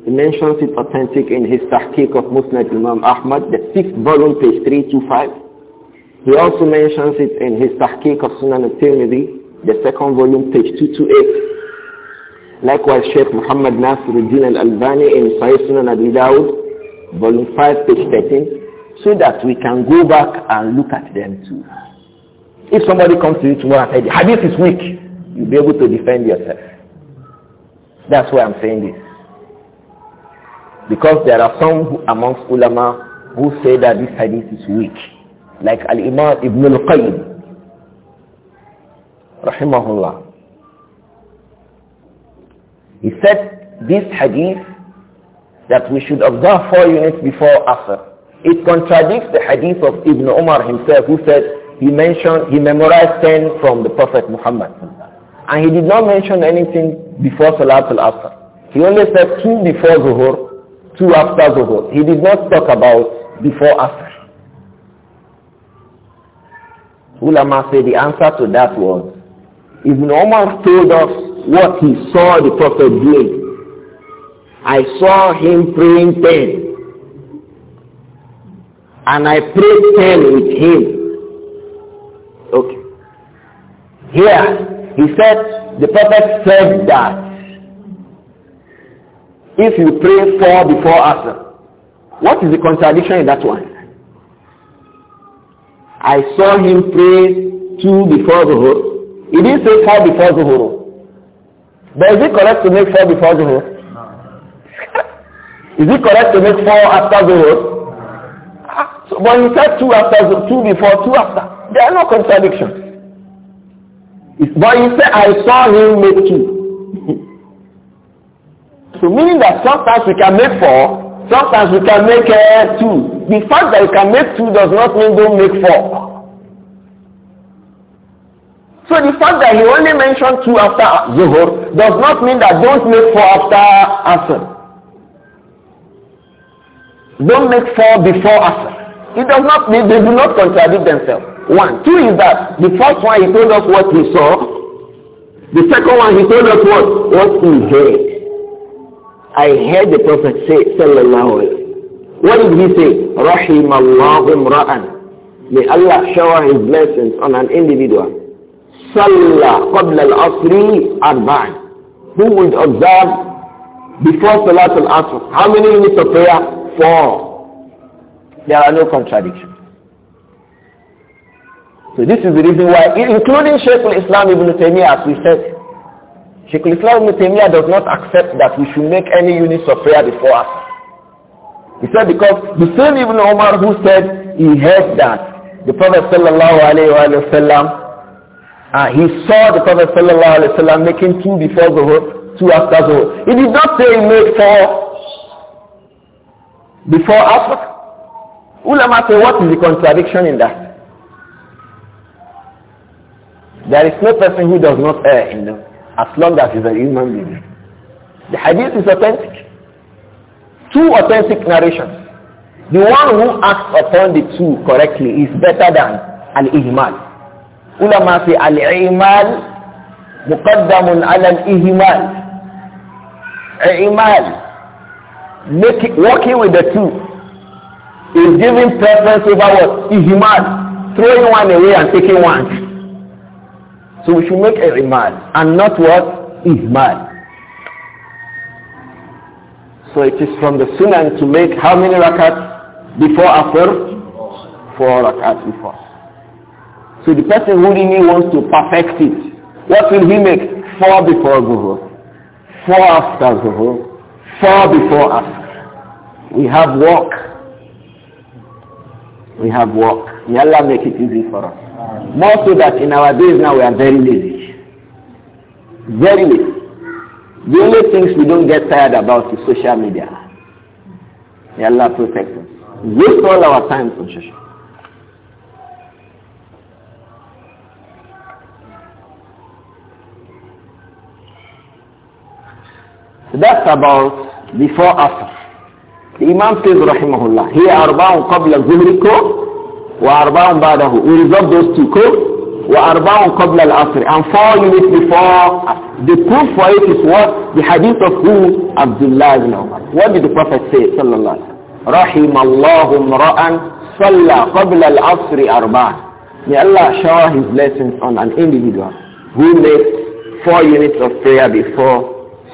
he mentions it authentic in his Tahqiq of Musnad Imam Ahmad, the sixth volume, page 325. He also mentions it in his Tahqiq of Sunan al-Tirmidhi, the second volume, page 228. Likewise, Sheikh Muhammad Nasiruddin al-Albani in Sahih Sunan Abi Dawud, volume 5, page 13, so that we can go back and look at them too. If somebody comes to you tomorrow and says, the hadith is weak, you'll be able to defend yourself. That's why I'm saying this. Because there are some who, amongst ulama who say that this hadith is weak. Like Al-Imam Ibn Al-Qayyim. Rahimahullah. He said this hadith that we should observe four units before Asr. It contradicts the hadith of Ibn Umar himself who said he mentioned, he memorized 10 from the Prophet Muhammad. And he did not mention anything before Salatul Asr. He only said two before Zuhur two after Zuhur. He did not talk about before after. Ulama said the answer to that was, Ibn Omar told us what he saw the Prophet doing. I saw him praying ten. And I prayed ten with him. Okay. Here, he said, the Prophet said that if you pray four before us, What is the contradiction in that one? I saw him pray two before the whole He didn't say four before the whole But is it correct to make four before the whole [LAUGHS] is it correct to make four after the whole so, but you said two after two before, two after. There are no contradictions. But you say I saw him make two. [LAUGHS] So meaning that sometimes we can make four, sometimes we can make uh, two. The fact that you can make two does not mean don't make four. So the fact that he only mentioned two after Zuhur does not mean that don't make four after Asr. Don't make four before Asr. It does not mean they do not contradict themselves. One. Two is that the first one he told us what he saw. The second one he told us what, what he heard. I heard the Prophet say, sallallahu What did he say? Rahimallahu imra'an. May Allah shower his blessings on an individual. Salla qabla al-asri arba'an. Who would observe before Salat al-Asr? How many minutes of prayer? Four. There are no contradictions. So this is the reason why, including Shaykh al-Islam ibn Taymiyyah, as we said, Sheikh Islam Ibn does not accept that we should make any units of prayer before us. He said because the same Ibn Omar who said he heard that the Prophet sallallahu alayhi wa sallam, uh, he saw the Prophet sallallahu alayhi wa sallam making two before the Zuhur, two after Zuhur. He did not say he made four before Asr. Ulama say what is the contradiction in that? There is no person who does not err in them. as long as he's a human being. The hadith is authentic. Two authentic narrations. The one who acts upon the two correctly is better than al-ihmal. Ulama say al-ihmal muqaddamun ala al-ihmal. Ihmal. working with the two is giving preference over what? Ihmal. Throwing one away and taking one. So we should make a man, and not what is man. So it is from the Sunan to make how many rakats before after? Four rakats before. So the person who really wants to perfect it, what will he make? Four before Zuhur, four after Zuhur, four before after. We have work. We have work. May Allah make it easy for us. More so that in our days now we are very lazy. Very lazy. The only things we don't get tired about is social media. May Allah protect us. Waste all our time on social So that's about before after. The Imam says, Rahimahullah, هي أربع قبل ظهركم بعده we resolve those two cool وأربع قبل العصر and four units before the proof for it is what the hadith of who Abdullah ibn Umar what did the Prophet say صلى الله عليه وسلم رحم الله امرأ صلى قبل العصر أربعا May Allah shower his blessings on an individual who makes four units of prayer before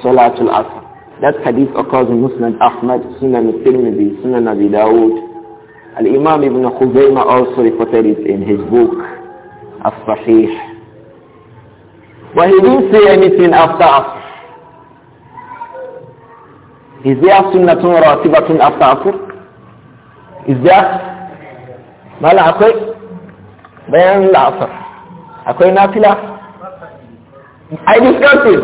Salatul Asr. That hadith occurs in Muslim Ahmad, Sunan al-Tirmidhi, Sunan Abi Dawud, Al-Imam Ibn Khuzaymah also reported it in his book, As-Sahih. But he didn't say anything after Asr. Is there sunnatun ratibatun after Asr? Is there? Mala akwai? Bayan la'asar. Akwai nafila? I discussed it.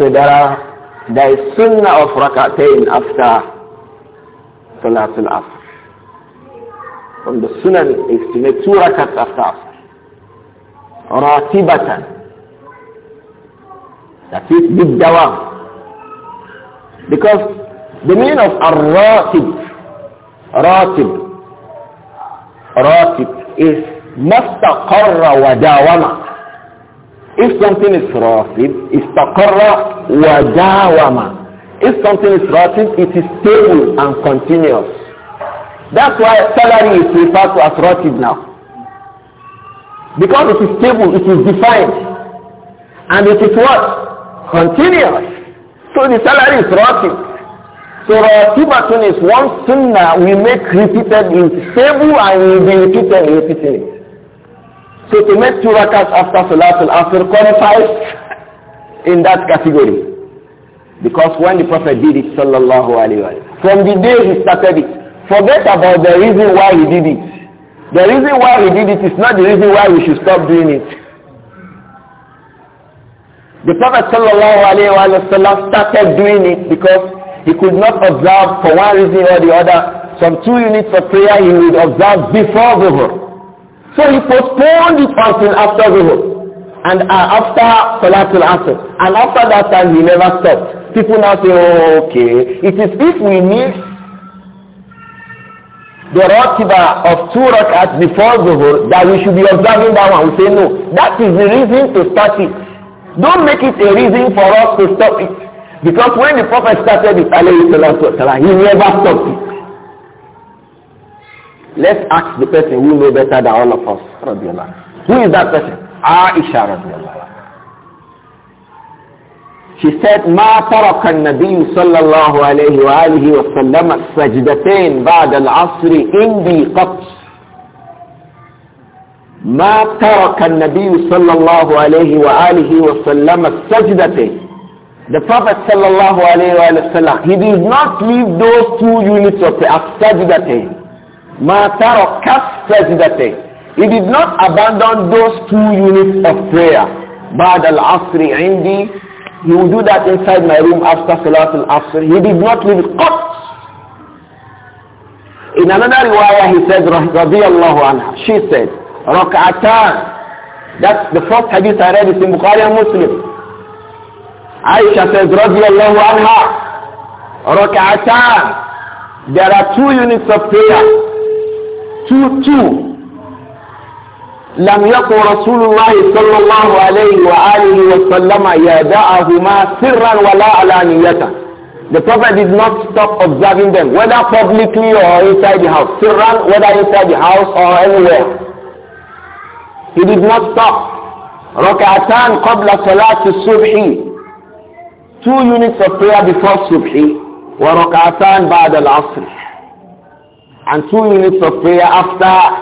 so there, are, there is sunnah of rak'atayn after Salatul Asr. From the Sunan is to make two rakats after Asr. Ratibatan. That is بالدوام Because the meaning of الراتب راتب راتب is mastaqarra wa dawama. If something is راتب istaqarra wa If something is rotten, it is stable and continuous. That's why salary is referred to as rotten now. Because it is stable, it is defined. And it is what? Continuous. So the salary is rotten. So rotibatun is one that we make repeated in stable and we be repeated repeating So to make two rakats after Salatul Asr qualifies in that category. Because when the Prophet did it, sallallahu from the day he started it, forget about the reason why he did it. The reason why he did it is not the reason why we should stop doing it. The Prophet sallallahu alayhi started doing it because he could not observe for one reason or the other some two units of prayer he would observe before Zuhur. So he postponed it until after Zuhur and uh, after Salatul Asr. And after that time he never stopped. People now say, oh, okay. It is if we miss the rakiba of two rakats before Zuhur that we should be observing that one. We say no. That is the reason to start it. Don't make it a reason for us to stop it. Because when the Prophet started it, he never stopped it. Let's ask the person who knows better than all of us. Who is that person? Aisha. She said, ما ترك النبي صلى الله عليه وآله وسلم سجدتين بعد العصر عندي قط ما ترك النبي صلى الله عليه وآله وسلم سجدتين. The Prophet صلى الله عليه وآله وسلم, he did not leave those two units of the السجدتين ما ترك سجدتين. He did not abandon those two units of prayer بعد العصر عندي He will do that inside my room after Salatul Asr. He did not leave it. Cut! In another riwayah he said, radiyallahu anha, she said, Rak'atan. That's the first hadith I read is in Bukhari and Muslim. Aisha says, radiyallahu anha, Rak'atan. There are two units of prayer. Two, two. لم يكن رسول الله صلى الله عليه وآله وسلم يدعهما سرا ولا علانية The Prophet did not stop observing them, whether publicly or inside the house. Sirran, whether inside the house or anywhere. He did not stop. ركعتان قبل صلاة الصبح two units of prayer before subh وركعتان بعد العصر and two units of prayer after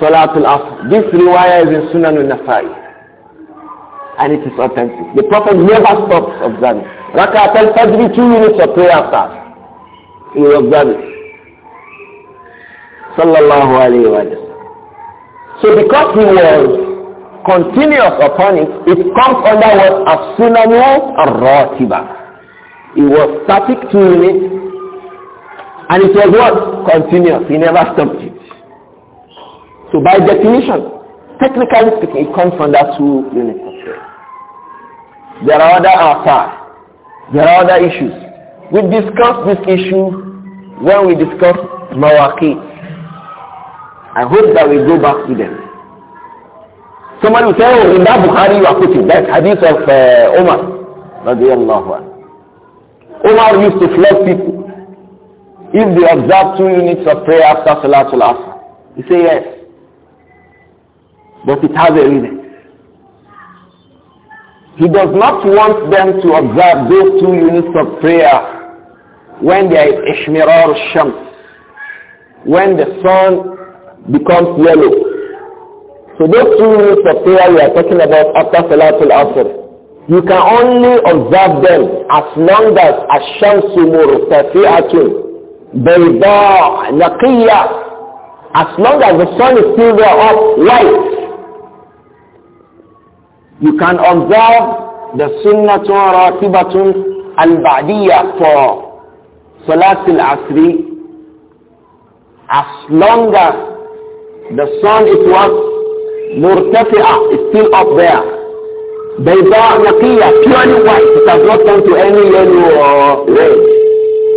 Salatul Asr. This riwayah is in Sunan al-Nasai. And it is authentic. The Prophet never stops observing. Raka'at al-Fajr, two minutes of prayer after. He observes. Sallallahu alayhi wa So because he was continuous upon it, it comes under what as-sunanu ar-ratiba. It was static two minutes, and it was what? Continuous. He never stopped so by definition, technically speaking, it comes under two units of faith. There are other affairs. There are other issues. We discussed this issue when we discussed mawaki. I hope that we go back to them. Somebody will say, oh, in that Bukhari you are quoting, that hadith of Omar, uh, Omar Omar used to flog people if they observe two units of prayer after Salatul Asr. He say yes but it has a reason. He does not want them to observe those two units of prayer when there is Ishmirar Shams, when the sun becomes yellow. So those two units of prayer we are talking about after Salatul Asr, you can only observe them as long as Ash-Shamsu Murtafi'atun Bayda Naqiya as long as the sun is still there up light you can observe the sunnatun raqibatun al badiya for Salat al-Asri as long as the sun is what? Murtafi'a, is still up there. Bayda naqiya, purely white, it has not come to any yellow or uh, red.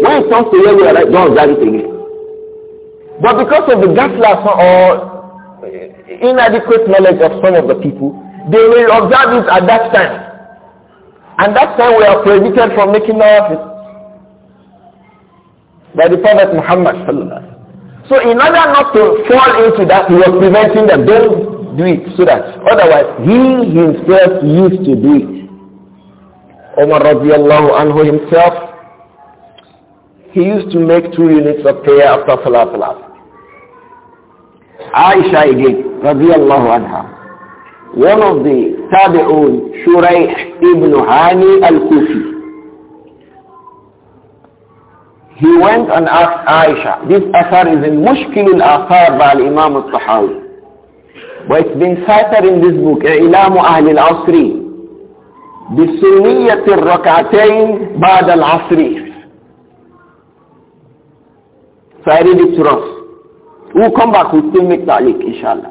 When it comes to yellow or red, don't observe it again. But because of the gasless or uh, uh, inadequate knowledge of some of the people, they will observe it at that time. And that time we are prohibited from making it by the Prophet Muhammad So in order not to fall into that, he was preventing them. Don't do it so that otherwise he himself used to do it. Umar radiallahu anhu himself, he used to make two units of prayer after Salah Salah. Aisha again, radiallahu anha. one of the Tabi'un, Shuraih ibn Hani al-Kufi. He went and asked Aisha. This asar is in Mushkil al-Athar by Imam al-Tahawi. But it's been cited in this book, إعلام أهل العصر بسنية الركعتين بعد العصر. So I read it to us. We'll come back, we'll still make ta'liq, inshallah.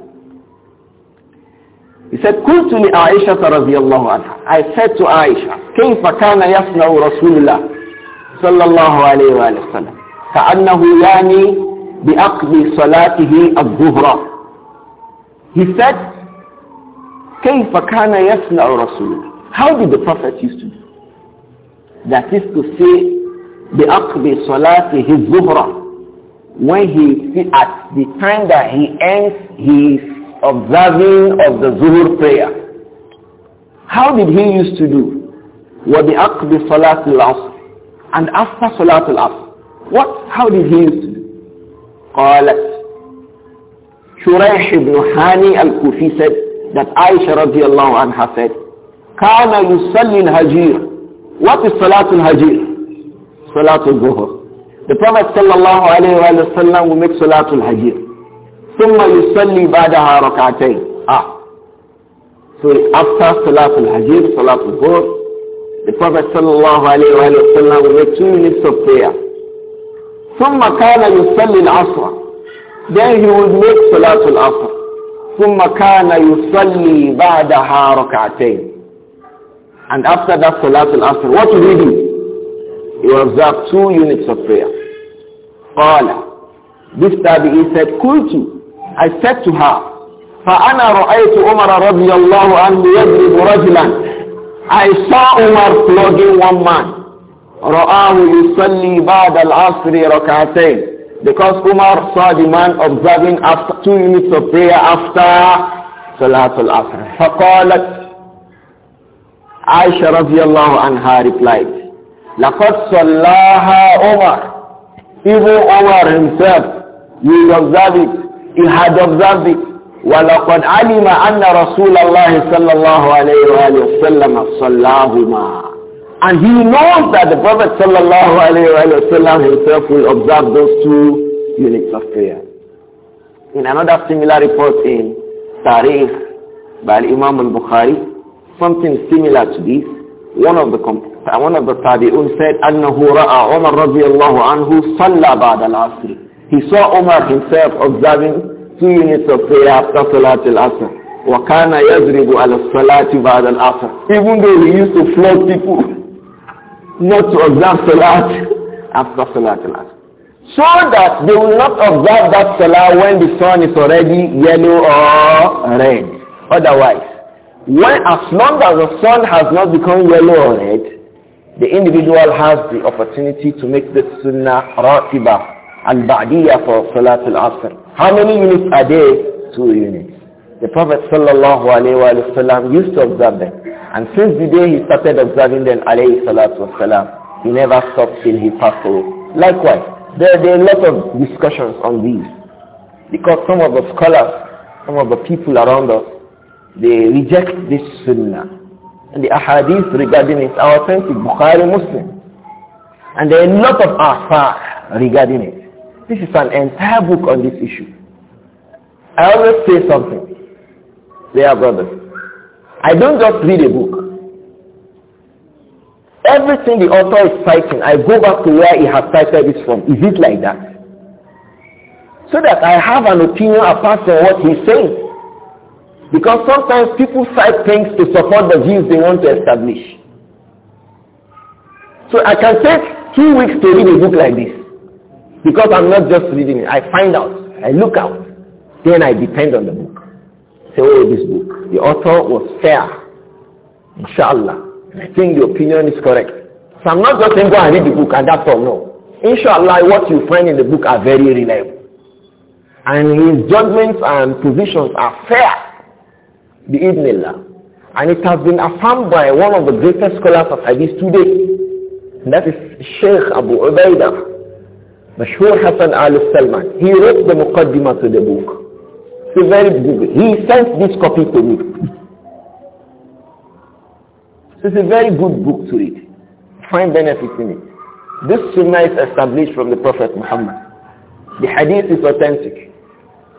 He said, Kul to me Aisha radiallahu anha. I said to Aisha, King Fakana Yasna Rasulullah sallallahu alayhi wa sallam. Ka'annahu yani bi akbi He said, King Fakana Yasna Rasulullah. How did the to do? That is to say, the time that he ends, he observing of the Zuhur prayer. How did he used to do? Wadi the salatul asr. And after salatul asr. What? How did he used to do? Qalat. Shuraih ibn Hani al-Kufi said that Aisha radiallahu anha said, Kana yusalli al-hajir. What is salatul hajir? Salatul zuhur. The Prophet sallallahu alayhi wa sallam will make salatul hajir. ثم يصلي بعدها ركعتين ah so after salat al-hajj salat al the prophet صلى الله عليه وسلم will make two minutes of prayer ثم كان يصلي العصر then he would make salat al-asr ثم كان يصلي بعدها ركعتين and after that salat al-asr what did he do he observed two units of prayer قال this tabi'i said قلت I said to her, فأنا رأيت عمر رضي الله عنه يضرب رجلا I saw Umar flogging one man. رآه يصلي بعد العصر ركعتين. Because Umar saw the man observing after two minutes of prayer after صلاة العصر. فقالت عائشة رضي الله عنها replied لقد صلاها عمر. Even Umar himself, you observe it. He had observed it. وَلَقَدْ عَلِمَ أَنَّ رَسُولَ اللَّهِ صَلَّى اللَّهُ عَلَيْهِ وَآلِهِ وَسَلَّمَ صَلَّاهُمَا And he knows that the Prophet sallallahu himself will observe those two units of prayer. In another similar report in Tariq by Imam al-Bukhari, something similar to this, one of the one of the tabi'un said, أَنَّهُ رَأَى عُمَرْ رَضِيَ اللَّهُ عَنْهُ صَلَّى بَعْدَ الْعَصْرِ he saw Umar himself observing two units of prayer after Salat al-Asr. وَكَانَ يَزْرِبُ عَلَى الصَّلَاةِ بَعْدَ الْعَصْرِ Even though he used to flog people not to observe Salat after Salat al-Asr. So that they will not observe that Salah when the sun is already yellow or red. Otherwise, when as long as the sun has not become yellow or red, the individual has the opportunity to make the sunnah ratiba, Al-Ba'diyah for Salatul Asr. How many units are there? Two units. The Prophet sallallahu alayhi wa used to observe them. And since the day he started observing them alayhi salatu wasalam, he never stopped till he passed away. Likewise, there, there are a lot of discussions on these. Because some of the scholars, some of the people around us, they reject this sunnah. And the ahadith regarding it are authentic, Bukhari Muslim. And there are a lot of Asr regarding it. This is an entire book on this issue. I always say something. They are brothers. I don't just read a book. Everything the author is citing, I go back to where he has cited it from. Is it like that? So that I have an opinion apart from what he's saying. Because sometimes people cite things to support the views they want to establish. So I can take two weeks to read a book like this. Because I'm not just reading it. I find out. I look out. Then I depend on the book. Say, oh, this book. The author was fair. Inshallah. I think the opinion is correct. So I'm not just saying go and read the book and that's all. No. Inshallah, what you find in the book are very reliable. And his judgments and positions are fair. The idnillah And it has been affirmed by one of the greatest scholars of hadith today. And that is Sheikh Abu Ubaidah Mashhur Hassan al-Salman, he wrote the Muqaddimah to the book. It's a very good book. He sent this copy to me. it's a very good book to read. Find benefits in it. This sunnah is established from the Prophet Muhammad. The hadith is authentic.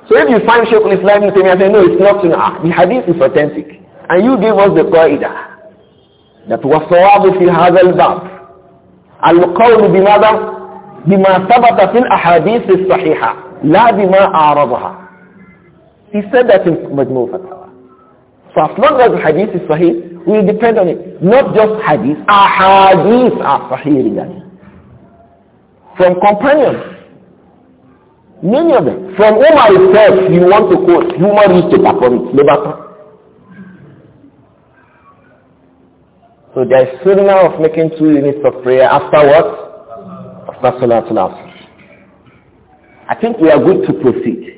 So if you find Shaykh al-Islam you say, no, it's not sunnah. The hadith is authentic. And you give us the qaida that was sawabu fi hadha al-bab. Al-qawlu bimada بما ثبت في الأحاديث الصحيحة لا بما أعرضها He said that in Majmu Fatawa. So as long as the hadith is sahih, we depend on it. Not just hadith, ahadith are sahih regarding. From companions, many of them. From Umar itself, you want to quote, human used to perform it, So there is sunnah of making two units of prayer after what? after Salatul Asr. I think we are good to proceed.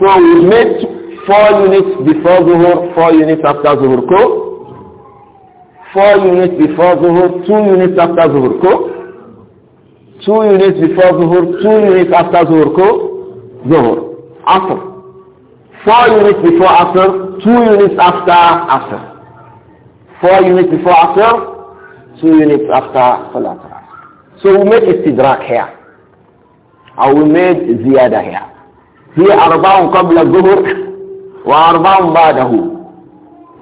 So we met four units before Zuhur, four units after Zuhur Ko, four units before Zuhur, two units after Zuhur Ko, two units before Zuhur, two units after Zuhur Ko, Zuhur, Asr. Four units before Asr, two units after Asr. Four units before Asr, two units after Salat. So we made istidrak here. Or we made ziyada here. هي أربع قبل الظهر وأربع بعده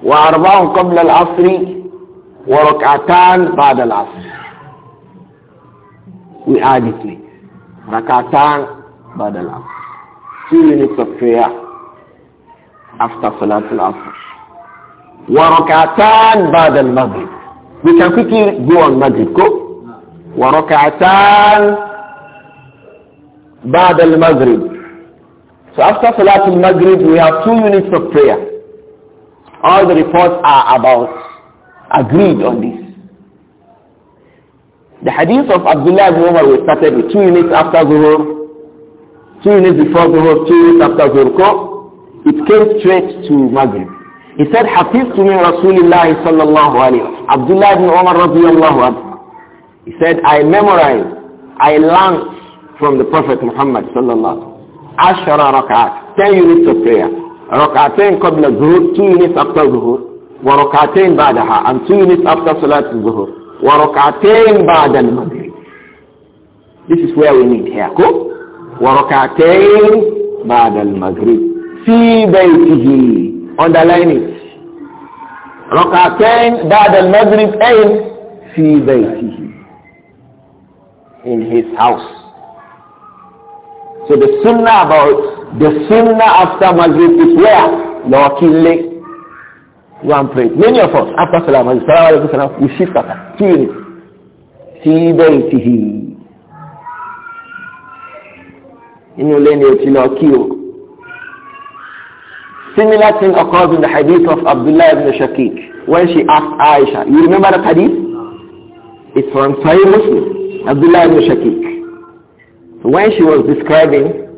وأربع قبل العصر وركعتان بعد العصر We add it late. ركعتان بعد العصر Two units of prayer after صلاة العصر وركعتان بعد المغرب We can quickly go on Maghrib. Go. وَرَكَعَتَانِ بَعْدَ الْمَغْرِبِ So after Salatul Maghrib, we have two minutes of prayer. All the reports are about, agreed on this. The hadith of Abdullah ibn Umar was started with two minutes after Zuhur, two minutes before Zuhur, two minutes after Zuhur. It came straight to Maghrib. He said, حفظت من رسول الله صلى الله عليه وسلم. Abdullah ibn Umar الله عنه He said, I memorized, I learned from the Prophet Muhammad sallallahu alayhi wa sallam. 10 units of prayer. ركعتين قبل الظهور 2 units after الظهور وركعتين بعدها and 2 units after صلاة الظهور وركعتين بعد المغرب. This is where we need here. وركعتين بعد المغرب في بيته underline it ركعتين بعد المغرب أين في بيته in his house so the sunnah about the sunnah after maghrib is where lawkinle go and pray many of us after Salah maghrib salam alaikum we shift after two minutes في بيته inú ilé ni o ti lọ Similar thing occurs in the hadith of Abdullah ibn Shakik when she asked Aisha. You remember that hadith? It's from Sahih Muslim, Abdullah ibn Shakik. when she was describing,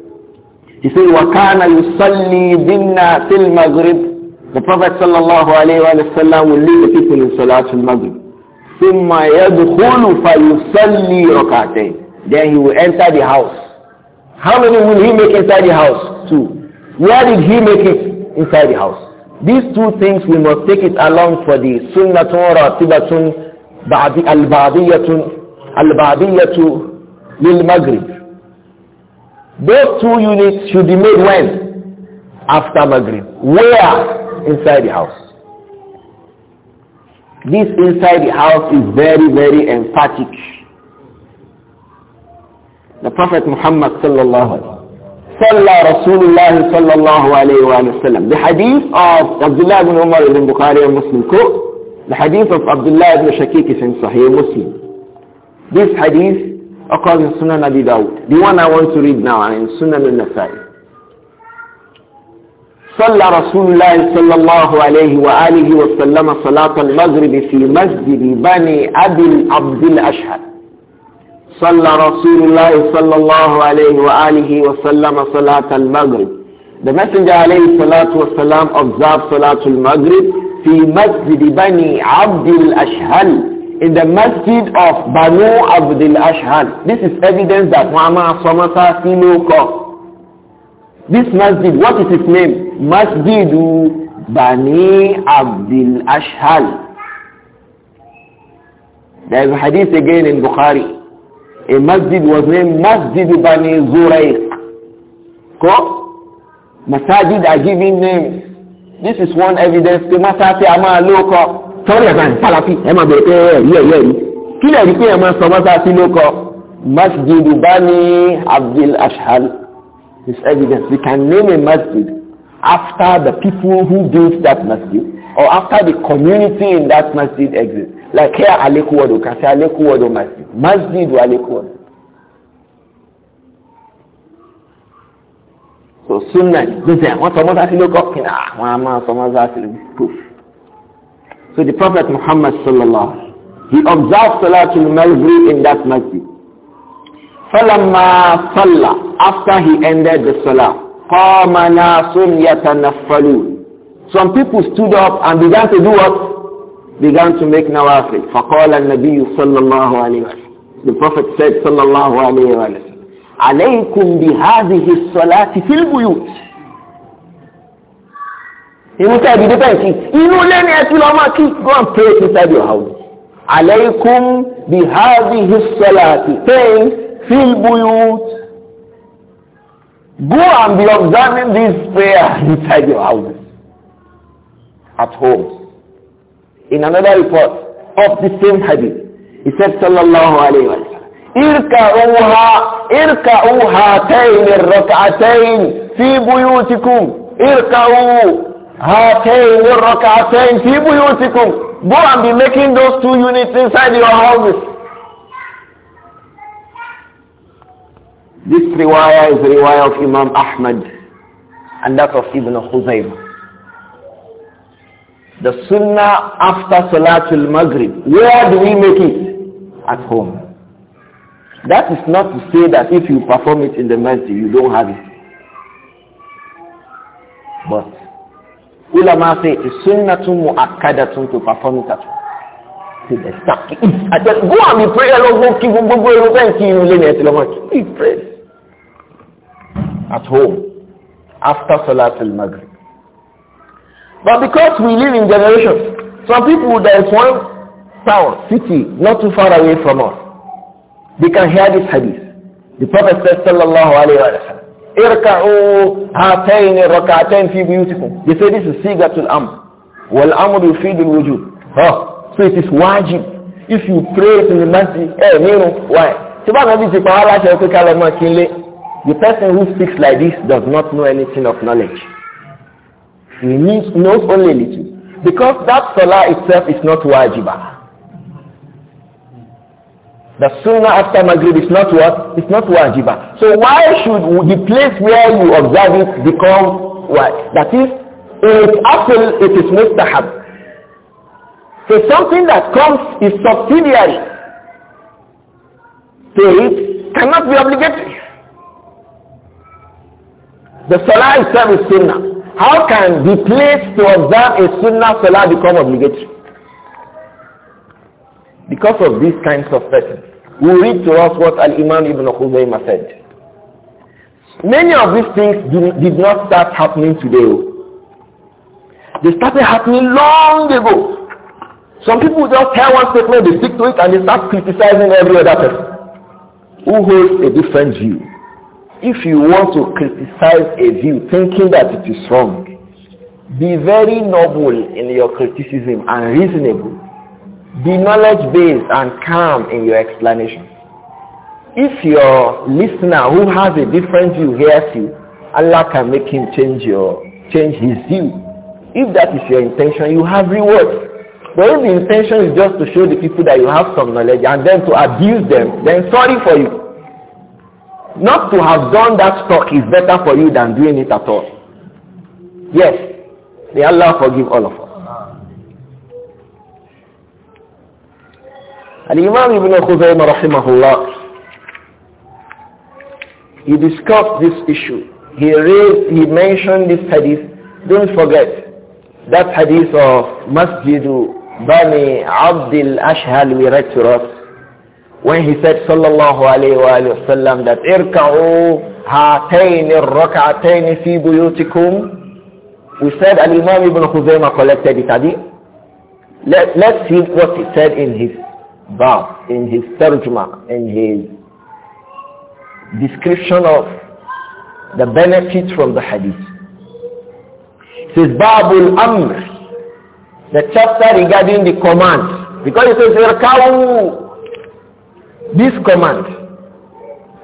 he said, kana يُصَلِّي بِنَّا فِي Maghrib' The Prophet sallallahu alayhi wa sallam will lead the people in Salatul Maghrib. ثُمَّ fa فَيُصَلِّي رَكَعْتَيْنِ Then he will enter the house. How many will he make inside the house? Two. Where did he make it? inside the house. These two things we must take it along for the sunnatun ratibatun al-ba'diyatun al-ba'diyatu lil-maghrib. Those two units should be made when? After maghrib. Where? Inside the house. This inside the house is very, very emphatic. The Prophet Muhammad sallallahu alaihi wasallam صلى رسول الله صلى الله عليه وآله وسلم the hadith of Abdullah ibn Umar ibn Bukhari and Muslim Cook the hadith of Abdullah ibn Shakik is in Sahih Muslim this hadith occurs in Sunan Abi Dawud the one I want to read now and in Sunan al-Nasai صلى رسول الله صلى الله عليه وآله وسلم صلاة المغرب في مسجد بني أبي عبد الأشهر صلى رسول الله صلى الله عليه وآله وسلم صلاة المغرب The Messenger عليه الصلاة والسلام observed صلاة المغرب في مسجد بني عبد الأشهل in the masjid of Banu Abdul Ashhal. This is evidence that Muhammad Samasa Sinoko. This masjid, what is its name? Masjid Bani Abdul Ashhal. There is a hadith again in Bukhari. a masjid was named Masjid Bani Zuraiq. Ko? Masajid are giving names. This is one evidence pé masati a máa ló kọ. Sọ́rí ẹ̀ka ní Falafi ẹ máa bẹ̀rẹ̀ pé yẹ̀ yẹ̀ yìí. Kí lè rí pé ẹ máa sọ masati ló kọ? Masjid Bani Abdul Ashhal This evidence. We can name a masjid after the people who built that masjid or after the community in that masjid exists like here alekuwodo can say alekuwodo masjid masjid alekuwodo so sunna gbèsè àwọn sọmọ sáà sí ló kọ kí náà àwọn a máa sọmọ sáà sí ló poof so the prophet muhammad sallallahu alaihi he observed salatul maghrib in that masjid falamma salla after he ended the salah qama nasun yatanaffalu some people stood up and began to do what began to make nawafil. فَقَالَ النَّبِيُّ صَلَّى اللَّهُ عَلَيْهِ وَسَلَّمَ The Prophet said صلى الله عليه وسلم عَلَيْكُمْ بِهَذِهِ الصَّلَاةِ فِي الْبُيُوتِ Inú tẹ́bi dé inú ilé ni kí go and pray inside your house. عليكم بهذه الصلاة Pray في البيوت Go and be observing this prayer [LAUGHS] inside your house. At home. In another report of the same hadith, he said sallallahu alayhi wa sallam, اركعوها اركعوا هاتين fi buyutikum, Irka'uha اركعوا هاتين الركعتين في بيوتكم Go and be making those two units inside your houses. This riwayah is the riwayah of Imam Ahmad and that of Ibn Khuzaymah. The sunnah after Salatul Maghrib. Where do we make it? At home. That is not to say that if you perform it in the masjid, you don't have it. But ulama say it's sunnatun mu'akkadatun to perform it at home. I said, go and be pray along, go keep go go and keep you lay at the He prays at home after Salatul Maghrib. But because we live in generations, some people, there is one town, city, not too far away from us. They can hear this hadith. The Prophet said, sallallahu alayhi wa sallam, irka'u hatain raka'atain fi buyutikum. They say this is sigatul amr. Wal amr yufidul wujud. Oh, so it is wajib. If you pray to the masjid, eh, you know, why? Tiba nabi ti pa ala ṣe ọkọ kalẹ̀ mọ́ kí The person who speaks like this does not know anything of knowledge. means, knows only little. Because that salah itself is not wajibah. The sunnah after Maghrib is not what? It's not wajibah. So why should the place where you observe it become what? That is, in its it is mustahab. So something that comes is subsidiary so it cannot be obligatory. The salah itself is sunnah. How can the place to observe a sunnah salah become obligatory? Because of these kinds of persons. Will read to us what Al-Imam Ibn Khuzaymah said. Many of these things did not start happening today. Oh. They started happening long ago. Some people just hear one statement, they stick to it, and they start criticizing every other person who holds a different view if you want to criticize a view thinking that it is wrong, be very noble in your criticism and reasonable. Be knowledge-based and calm in your explanation. If your listener who has a different view hears you, Allah can make him change your change his view. If that is your intention, you have reward. But if the intention is just to show the people that you have some knowledge and then to abuse them, then sorry for you. Not to have done that stock is better for you than doing it at all. Yes. May Allah forgive all of us. And imam Ibn Khuzaymah rahimahullah, he discussed this issue. He raised, he mentioned this hadith. Don't forget, that hadith of Masjidu Bani Abdul Ashhal we read to us when he said sallallahu alayhi wa sallam that irka'u hatayn ar-rak'atayn fi buyutikum we said al-imam ibn Khuzaimah collected it hadith Let, let's see what he said in his verse in his tarjuma in his description of the benefits from the hadith it says babul amr the chapter regarding the command because it says irka'u this command,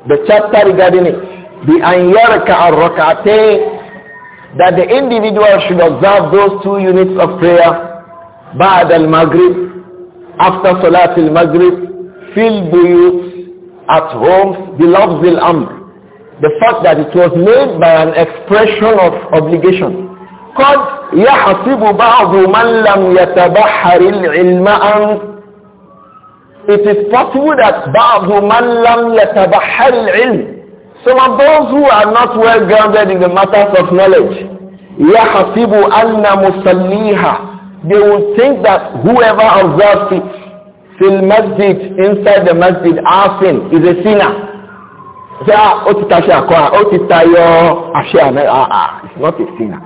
the chapter regarding it, the anyarka al-rak'atayn, that the individual should observe those two units of prayer, ba'd al-maghrib, after salat al-maghrib, fil buyut, at home, beloved al-amr. The fact that it was made by an expression of obligation. قد يحسب بعض من لم يتبحر العلم أن it is possible that بَعْضُ مَنْ لَمْ يَتَبَحَّرِ الْعِلْمِ Some of those who are not well grounded in the matters of knowledge, يَحَسِبُ أَنَّ مُسَلِّيهَا They will think that whoever observes it, fil masjid, inside the masjid, asin, is a sinner. Say, ah, ó ti ta ṣe ó ti ah, ah, it's not a sinner.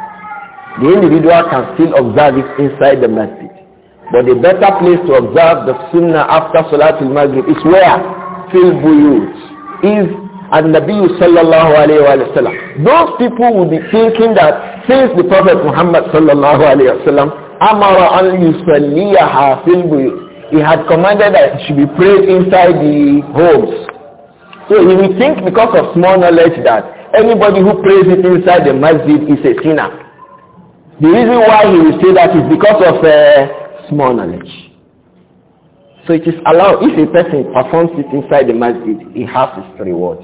The individual can still observe it inside the masjid. But the better place to observe the sunnah after Salatul Maghrib is where? Fil Buyut. Is An-Nabi sallallahu alayhi wa sallam. Those people will be thinking that since the Prophet Muhammad sallallahu alayhi wa sallam Amara an yusalliyaha fil buyut. He had commanded that it should be prayed inside the homes. So he will think because of small knowledge that anybody who prays it inside the masjid is a sinner. The reason why he will say that is because of uh, small knowledge. So it is allowed, if a person performs it inside the masjid, he has his reward.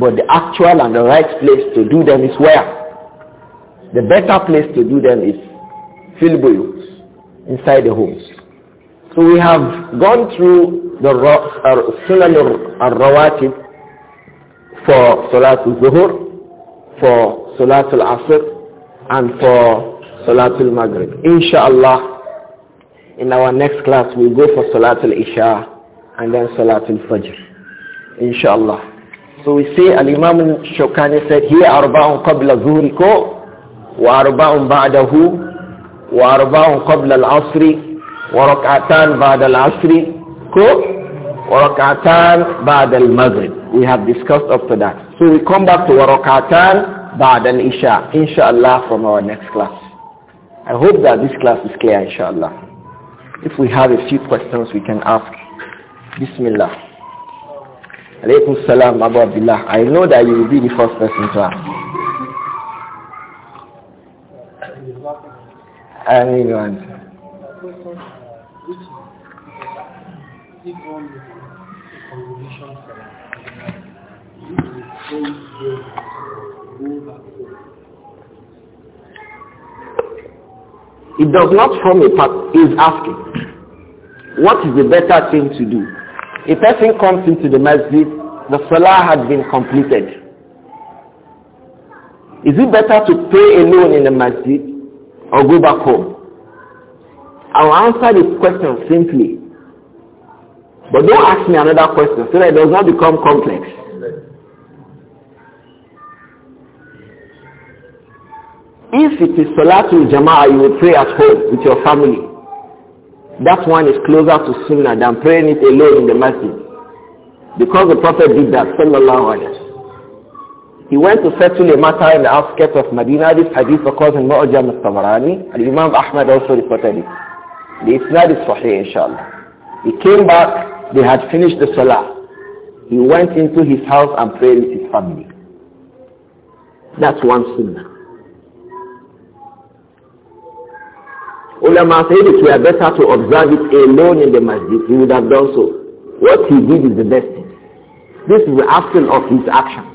But the actual and the right place to do them is where? The better place to do them is filbuyut, inside the homes. So we have gone through the uh, Sunan al-Rawatib for Salatul Zuhur, for Salatul Asr, and for Salatul Maghrib. Inshallah, in our next class, we'll go for Salatul Isha and then Salatul Fajr. Inshallah. So we say Al-Imam Shokani said, Here arba'un qabla zuhriko, wa arba'un ba'dahu, wa arba'un qabla al-asri, wa rak'atan ba'da al-asri, ko, wa rak'atan ba'da al-maghrib. We have discussed up to that. So we come back to wa rak'atan ba'da al-isha, inshallah, from our next class. I hope that this class is clear, inshallah. If we have a few questions we can ask. Bismillah. Alaykum salam Abu Abdullah. I know that you will be the first person to ask. Anyone? It does not form a part. He is asking. What is the better thing to do? A person comes into the masjid, the salah has been completed. Is it better to pray alone in the masjid or go back home? I'll answer this question simply. But don't ask me another question so that it does not become complex. If it is Salatul Jama'ah, you will pray at home with your family that one is closer to sunnah than praying it alone in the masjid. Because the Prophet did that, sallallahu alayhi He went to settle a matter in the outskirts of Medina. This hadith occurs in Mu'ajam al-Tabarani. And Imam Ahmad also reported it. The Isnad is sahih, inshallah. He came back, they had finished the salah. He went into his house and prayed with his family. That's one sunnah. Ulama said it were better to observe it alone in the masjid. He would have done so. What he did is the best thing. This is the action of his action.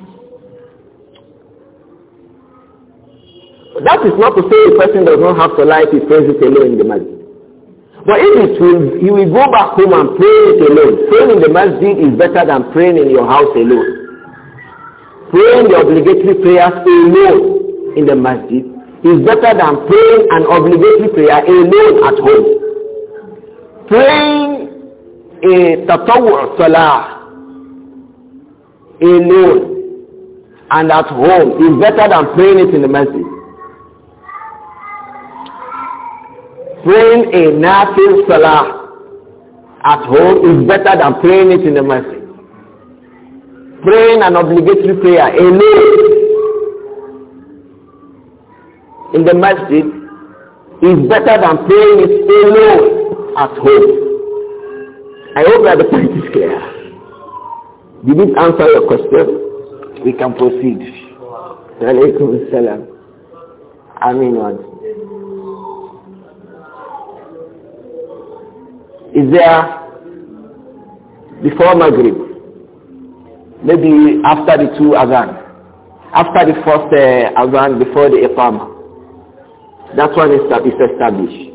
That is not to say a person does not have to light his praises alone in the masjid. But if it will, will go back home and pray it alone. Praying in the masjid is better than praying in your house alone. Praying the obligatory prayers alone in the masjid is better than praying an obligatory prayer alone at home. Praying a tatawur salah alone and at home is better than praying it in the masjid. Praying a nafil salah at home is better than praying it in the masjid. Praying an obligatory prayer alone in the masjid is better than playing it alone at home. I hope that the point is clear. Did it answer your question? We can proceed. Alaykum salam. Amin Is there before Maghrib? Maybe after the two Azan? After the first uh, Azan, before the Iqamah? That one is, established.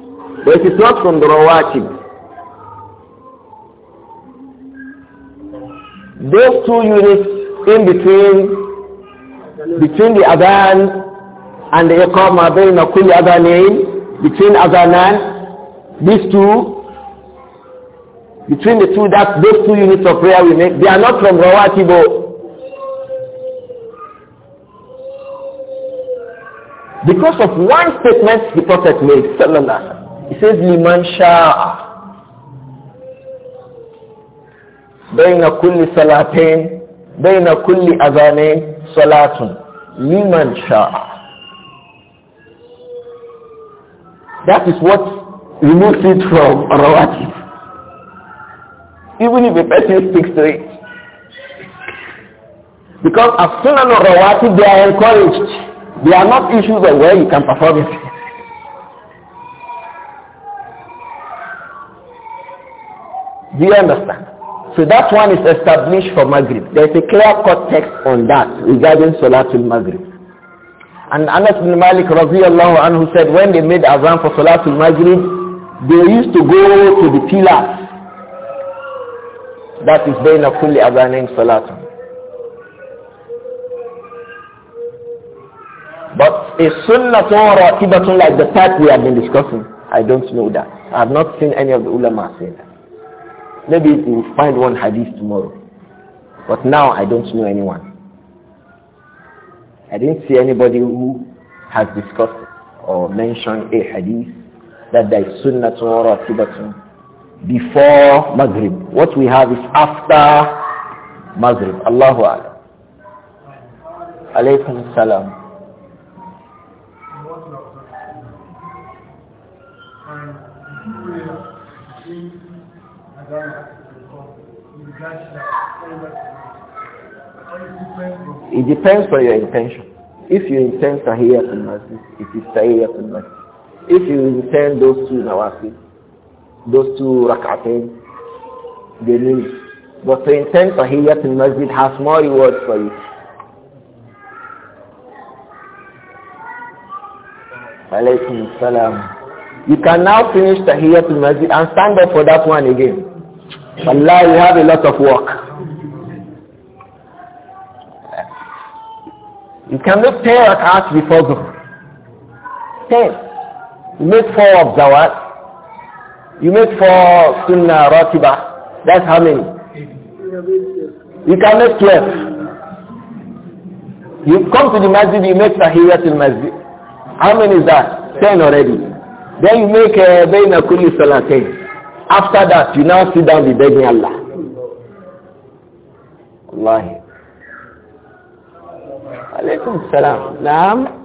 But it is not from the Rawatib. Those two units in between, between the Adhan and the Iqamah, between Kulli Adhanain, between Adhanan, these two, between the two, that, those two units of prayer we make, they are not from Rawatib. because of one statement the Prophet made, sallallahu He says, liman sha'a. بين كل صلاتين بين كل أذانين صلاة liman sha'a. That is what removes it from rawatib. Even if a person sticks to it. Because as soon as rawatib, they are encouraged. They are not issues of where you can perform it. [LAUGHS] Do you understand? So that one is established for Maghrib. There is a clear-cut text on that regarding Salatul Maghrib. And Anas bin Malik radiallahu anhu said when they made azan for Salatul Maghrib, they used to go to the pillars. That is Bayna Kulli Azanain Salatul. But a sunnah or raqibatun like the type we have been discussing, I don't know that. I have not seen any of the ulama say that. Maybe we will find one hadith tomorrow. But now I don't know anyone. I didn't see anybody who has discussed or mentioned a hadith that there is sunnah or raqibatun before Maghrib. What we have is after Maghrib. Allahu Akbar. Alaykum salam. It depends on your intention. If you intend Tahiyatul Masjid, it is Tahiyatul Masjid. If you intend those two nawafil, those two rak'atain, they need. But to intend Tahiyatul Masjid has more rewards for you. Alaykum You can now finish Tahiyatul Masjid and stand up for that one again. Allah, you have a lot of work. You cannot pay us before Zuhr. Ten. You make four of Zawat. You make four Sunnah Ratiba. That's how many? You can make twelve. You come to the masjid, you make in Masjid. How many is that? Ten already. Then you make uh, Bayna Kulli Salatain. After that, you now sit down be begging Allah. Allah. Alaykum salam. Naam.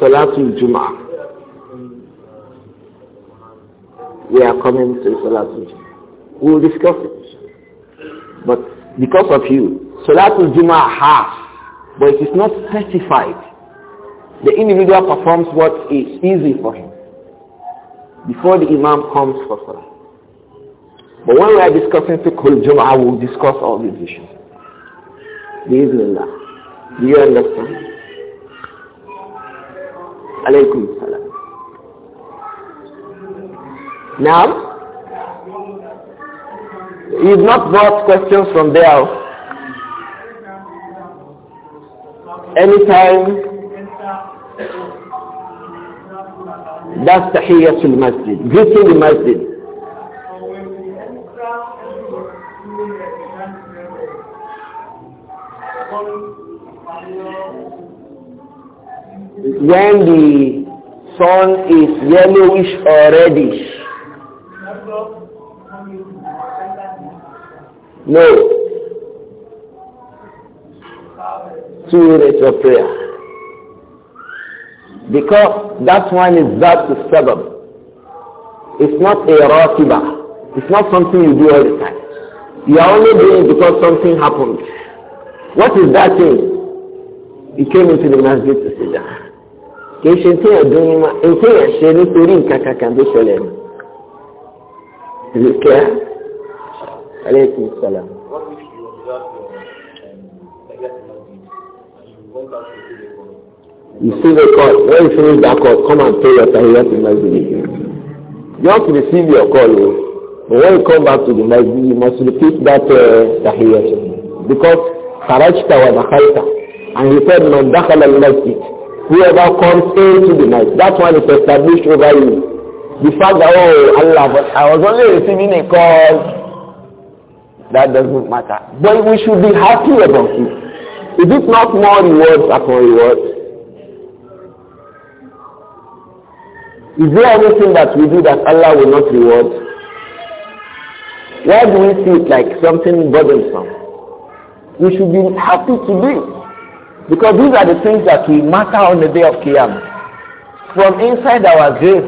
Salatul Juma. We are coming to Salatul Juma. We will discuss it. But because of you, Salatul Juma has, but it is not certified. The individual performs what is easy for him before the imam comes for salah. But when we are discussing fiqhul jum'ah, we will discuss all these issues. Bismillah. Do you understand? Alaykum salam. Now, you've not brought questions from there. Anytime That's تحية المسجد جيت المسجد When the sun is yellowish or reddish. No. Two minutes of prayer. Because That one is that the sabab. It's not a raqiba. It's not something you do all the time. You are only doing it because something happened. What is that thing? You came into the masjid to sit down. kì í ṣe tí ẹ̀ dún ní ma ètò yẹn ṣe nítorí nǹkan kankan tó ṣẹlẹ̀ ní. Ìlúkẹ́ alaykum salam. You see the call. When you finish that call, come and pay your tahiyat in Masjid. Just receive your call. Oh. But when you come back to the Masjid, you must repeat that uh, tahiyat. Because kharajta wa dakhalta. And he said, man dakhala al-masjid. Whoever comes into the night, that one is established over you. The fact that, oh, Allah, but I was only receiving a call that doesn't matter. But we should be happy about it. Is it not more rewards upon rewards? Is there anything that we do that Allah will not reward? Why do we see it like something burdensome? We should be happy to do it. Because these are the things that will matter on the day of Qiyamah. From inside our grave,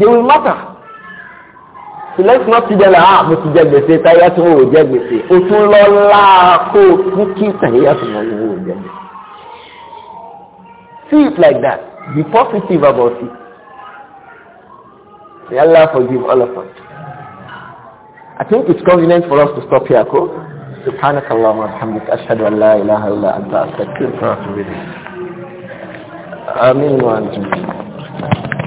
they will matter. So let's not see them like, ah, mo ti jẹ gbèsè táyà tí mo wò jẹ gbèsè. O tún lọ See it like that. Be positive about it. May Allah forgive all of us. I think it's convenient for us to stop here, Ko. سبحانك اللهم وبحمدك أشهد أن لا إله إلا أنت أستغفرك وأتوب إليك آمين وأنتم